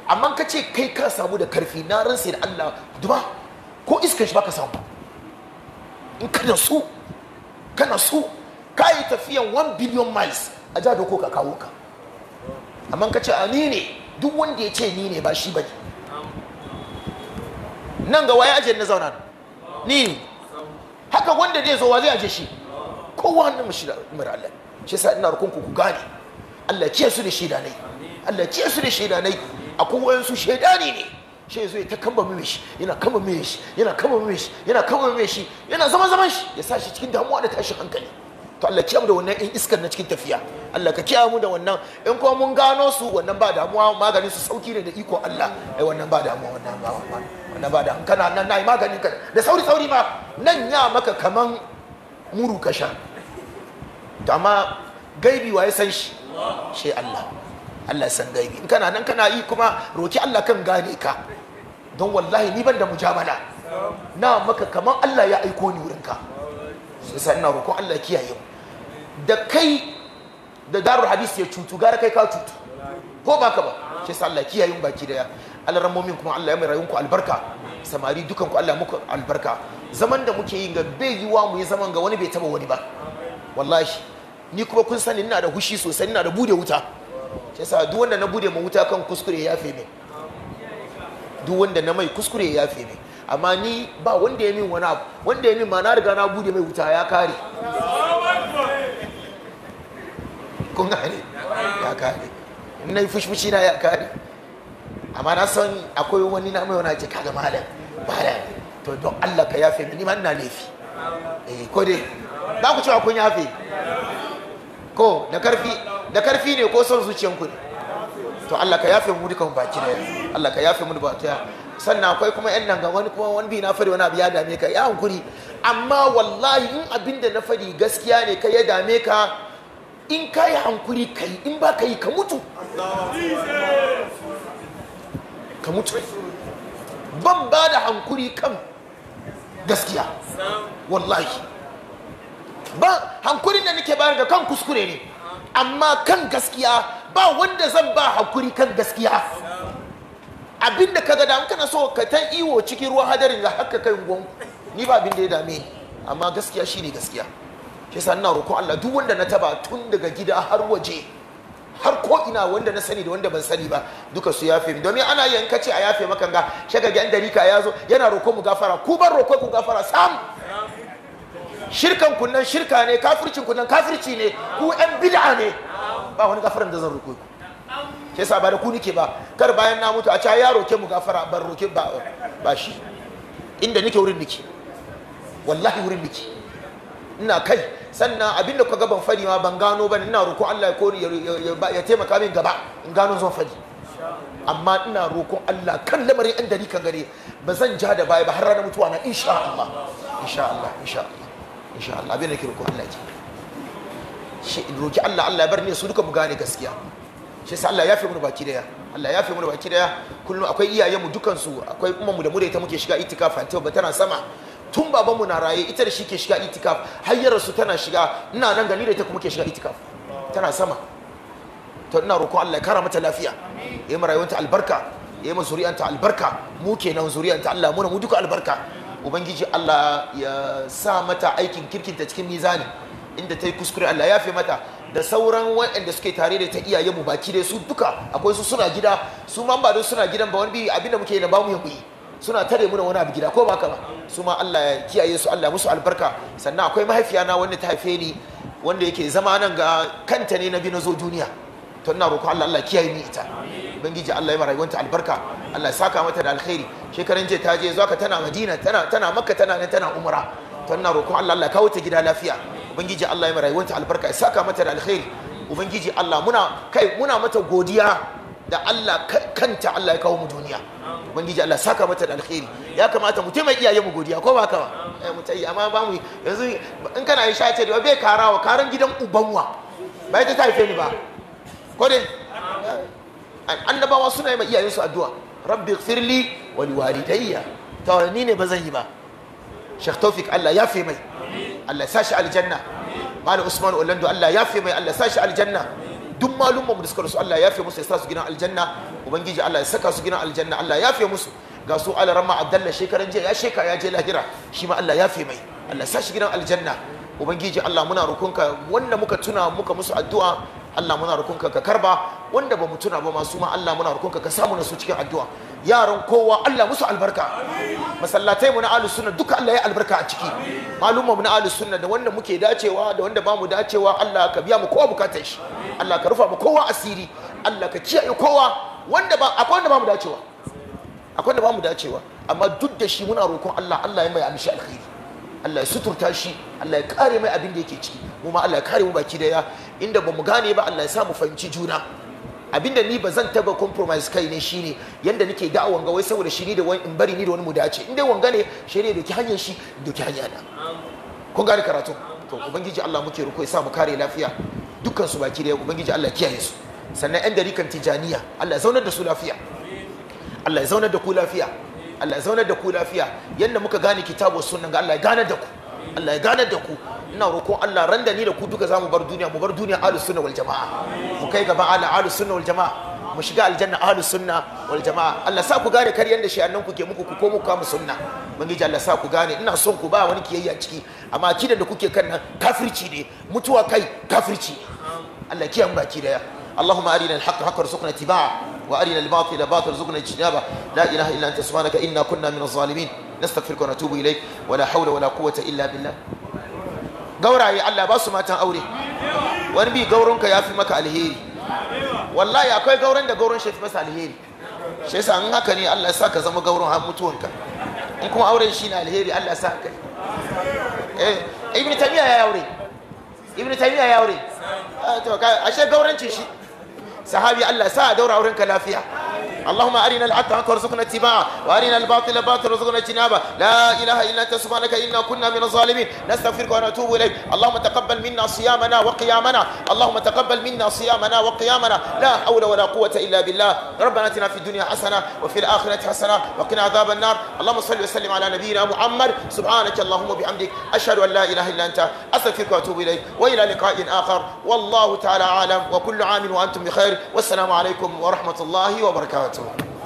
amma ka ce kai ka samu da karfi na ransa da Allah duba ko iskan shi baka samu in kana su kana su ka yi tafiya 1 billion miles a ja ko ka kawo ka amma ka ce a ni ne duk wanda ya ce ni ne ba shi bane nan ga waye aje na zauna ni haka wanda zai zo wa zai aje shi kowa hannun mu shida umar Allah shi yasa ina rukunku ku gane Allah ce su da shida ne Allah ce su da shida ne akwai wayansu shaidani ne shi zai ya ta kamba mai shi yana kamba mai shi yana kamba mai shi yana kamba mai shi yana zama zaman shi ya sa shi cikin damuwa da tashin hankali to Allah kiyamu da wannan in iskar na cikin tafiya Allah ka mu da wannan in kuma mun gano su wannan ba damuwa maganin su sauki ne da iko Allah ai wannan ba damuwa wannan ba wannan ba da kana nan nayi maganin ka da sauri sauri ma nan ya maka kaman muru ka sha to amma gaibi wa ya san shi shi Allah Allah san gaibi in kana nan kana yi kuma roki Allah kan gane ka don wallahi ni ban da mujamala na maka kamar Allah ya aiko ni wurinka sai sa ina roƙon Allah kiyaye mu da kai da daru hadis ya cutu gara kai ka cutu ko baka ba sai sa Allah kiyaye mu baki daya mu'min kuma Allah ya mai rayuwar albarka samari dukan ku Allah muku albarka zaman da muke yi ga bai yiwa mu yi zaman ga wani bai taba wani ba wallahi ni kuma kun sani ina da hushi sosai ina da bude wuta sai sa duk wanda na bude mu wuta kan kuskure ya fe min duk wanda na mai kuskure ya fi mai amma ni ba wanda ya min wani abu wanda ya min ma na riga na bude mai wuta ya kare kun gane ya kare na yi fushfushi na ya kare amma na san akwai wani na mai wani ake kaga malam ne to don Allah ka yafe mai niman na laifi eh ko dai ba ku cewa kun yafe ko da karfi da karfi ne ko son zuciyanku ne to Allah ka yafe mu dukan baki daya Allah ka yafe mu baki daya sannan akwai kuma yan nan ga wani kuma wani bi na fari wani abu ya dame ka ya hankuri amma wallahi in abin da na fari gaskiya ne ka ya dame ka in ka yi hankuri ka yi in ba ka yi ka mutu ka mutu ban ba da hankuri kan gaskiya wallahi ba hankurin da nake bayar ga kan kuskure ne amma kan gaskiya ba wanda zan ba hakuri kan gaskiya abinda ka ga da kana so ka ta iwo cikin ruwan hadarin da haka kai gon ni ba abin da ya dame amma gaskiya shine gaskiya shi yasa ina roƙon Allah duk wanda na taba tun daga gida har waje har ko ina wanda na sani da wanda ban sani ba duka su yafe mu domin ana yankace a yafe maka ga shagage an darika ya zo yana roƙon mu gafara ku ban roƙon ku gafara sam shirkan kunnan shirka ne kafircin kunnan kafirci ne ku yan bid'a ne ba wani gafaran da zan roƙe ku ke sa ba da ku nike ba kar bayan na mutu a ca ya roke mu gafara ban roke ba ba shi inda nike wurin nike wallahi wurin nike ina kai sannan abinda kuka gaban fadi ma ban gano ba ina roƙon Allah ya taimaka min gaba in gano zan fadi amma ina roƙon Allah kan lamarin inda ni kan gare ba zan ja da baya ba har ranar mutuwa na insha Allah insha Allah insha Allah insha Allah abin da ke roƙo Allah ke shi roƙi Allah Allah ya bar ni su duka mu gane gaskiya shi yasa Allah ya fi mun baki daya Allah ya fi mun baki daya kullum akwai iyayen mu dukan su akwai umman mu da mu da ita muke shiga itikaf an ba tana sama tun baban mu na raye ita da shi ke shiga itikaf hayyar su tana shiga ina nan gani da ita kuma ke shiga itikaf tana sama to ina roƙon Allah ya kara mata lafiya ya yi rayuwarta albarka ya yi zuriyanta albarka mu kenan zuriyanta Allah mu mu duka albarka ubangiji Allah ya sa mata aikin kirkinta cikin mizani inda ta yi kuskure Allah ya fi mata da sauran waɗanda suke tare da ta iyaye mu baki dai su duka akwai su suna gida su ma ba suna gidan ba wani abin da muke yi na ba mu kuyi suna tare mu da wani abu gida ko ba ka ba su ma Allah ya kiyaye su Allah musu albarka sannan akwai mahaifiya na wanda ta haife ni wanda yake zama nan ga kanta ne na bi na zo duniya to ina roƙo Allah Allah kiyaye ni ita ubangiji Allah ya rayuwanta albarka Allah ya saka mata da alkhairi shekaran je ta je zaka tana Madina tana tana Makka tana nan tana Umra to ina roƙo Allah Allah kawo ta gida lafiya ubangiji Allah ya rayuwanta albarka ya saka mata da alkhairi ubangiji Allah muna kai muna mata godiya da Allah kanta Allah ya kawo mu duniya ubangiji Allah saka mata da alkhairi ya kamata mu taimaka iyaye mu godiya ko ba ka ba eh mu tayi amma ba mu yanzu in kana yin shace da bai karawa karan gidan ubanwa bai ta taife ni ba ko dai annabawa suna yi ma su addu'a rabbi firli wa liwalidayya Ta ni ne ba zan yi ba Sheikh Tawfik Allah ya fi mai Allah ya sashi aljanna Malam Usman Orlando Allah ya fi mai Allah ya sashi aljanna duk malumma mu da su, Allah ya fi musu ya sa su gidan aljanna ubangiji Allah ya saka su gidan aljanna Allah ya fi musu ga su alarama abdalla shekaran jiya ya sheka ya je lahira shi ma Allah ya fi mai Allah sa shi gidan aljanna ubangiji Allah muna rukunka wanda muka tuna muka musu addu'a Allah muna roƙonka ka karba wanda ba mu tuna ba masu ma Allah muna roƙonka ka samu nasu cikin addu'a yaran kowa Allah musu albarka masallatai mu na ahlus sunna duka Allah ya albarka a ciki Maluma mu na ahlus sunna da wanda muke dacewa da wanda ba mu dacewa Allah ka biya mu kowa bukatar shi Allah ka rufa mu kowa asiri Allah ka kiyaye kowa wanda ba akwai wanda ba mu dacewa akwai wanda ba mu dacewa amma duk da shi muna roƙon Allah Allah ya mai amshi alkhairi Allah ya suturta shi Allah ya kare mai abin da yake ciki mu ma Allah ya kare mu baki daya inda ba mu gane ba Allah ya sa mu fahimci juna abinda ni ba zan taba compromise kai ne shine yanda nake da'awan ga wai saboda shi ni da wani in bari ni da wani mu dace in dai wanga ne shi ne doki hanyar shi doki hanyar da. kun gane karatu to ubangiji Allah muke ruko ya sa mu kare lafiya dukkan su baki da ubangiji Allah kiyaye su sannan yan darikan tijaniya Allah ya zaunar da su lafiya Allah ya zaunar da ku lafiya Allah ya zaunar da ku lafiya yanda muka gane kitabu sunan ga Allah ya gane da ku Allah ya gane da ku ina roƙon Allah ran da ni da ku duka zamu bar duniya mu bar duniya ahlus sunna wal jamaa mu kai gaba ala ahlus sunna wal jamaa mu shiga aljanna ahlus sunna wal jamaa Allah sa ku gane karyan da shi'annan ku ke muku ku ko muku mu sunna ubangiji Allah sa ku gane ina son ku ba wani kiyayya ciki amma kidan da kuke kan nan kafirci ne mutuwa kai kafirci Allah kiyan baki daya اللهم أرنا الحق حقا وارزقنا اتباعه وأرنا الباطل باطل ارزقنا اجتنابه لا إله إلا أنت سبحانك إنا كنا من الظالمين نستغفرك ونتوب إليك ولا حول ولا قوة إلا بالله gauraye Allah ba su matan aure wani bi gauronka ya fi maka alheri wallahi akwai gauron da gauron shi fi masa alheri shi yasa in Allah ya sa ka zama gauron har mutuwanka in kuma auren shi na alheri Allah ya sa ka eh ibn tamiya ya aure ibn ya aure ah, ashe shi sahabi Allah sa a daura ka lafiya اللهم أرنا الحق حقا وارزقنا اتباعه وأرنا الباطل باطلا وارزقنا اجتنابه لا إله إلا أنت سبحانك إنا كنا من الظالمين نستغفرك ونتوب إليك اللهم تقبل منا صيامنا وقيامنا اللهم تقبل منا صيامنا وقيامنا لا حول ولا قوة إلا بالله ربنا اتنا في الدنيا حسنة وفي الآخرة حسنة وقنا عذاب النار اللهم صل وسلم على نبينا محمد سبحانك اللهم وبحمدك أشهد أن لا إله إلا أنت أستغفرك وأتوب إليك وإلى لقاء آخر والله تعالى عالم وكل عام وأنتم بخير والسلام عليكم ورحمة الله وبركاته So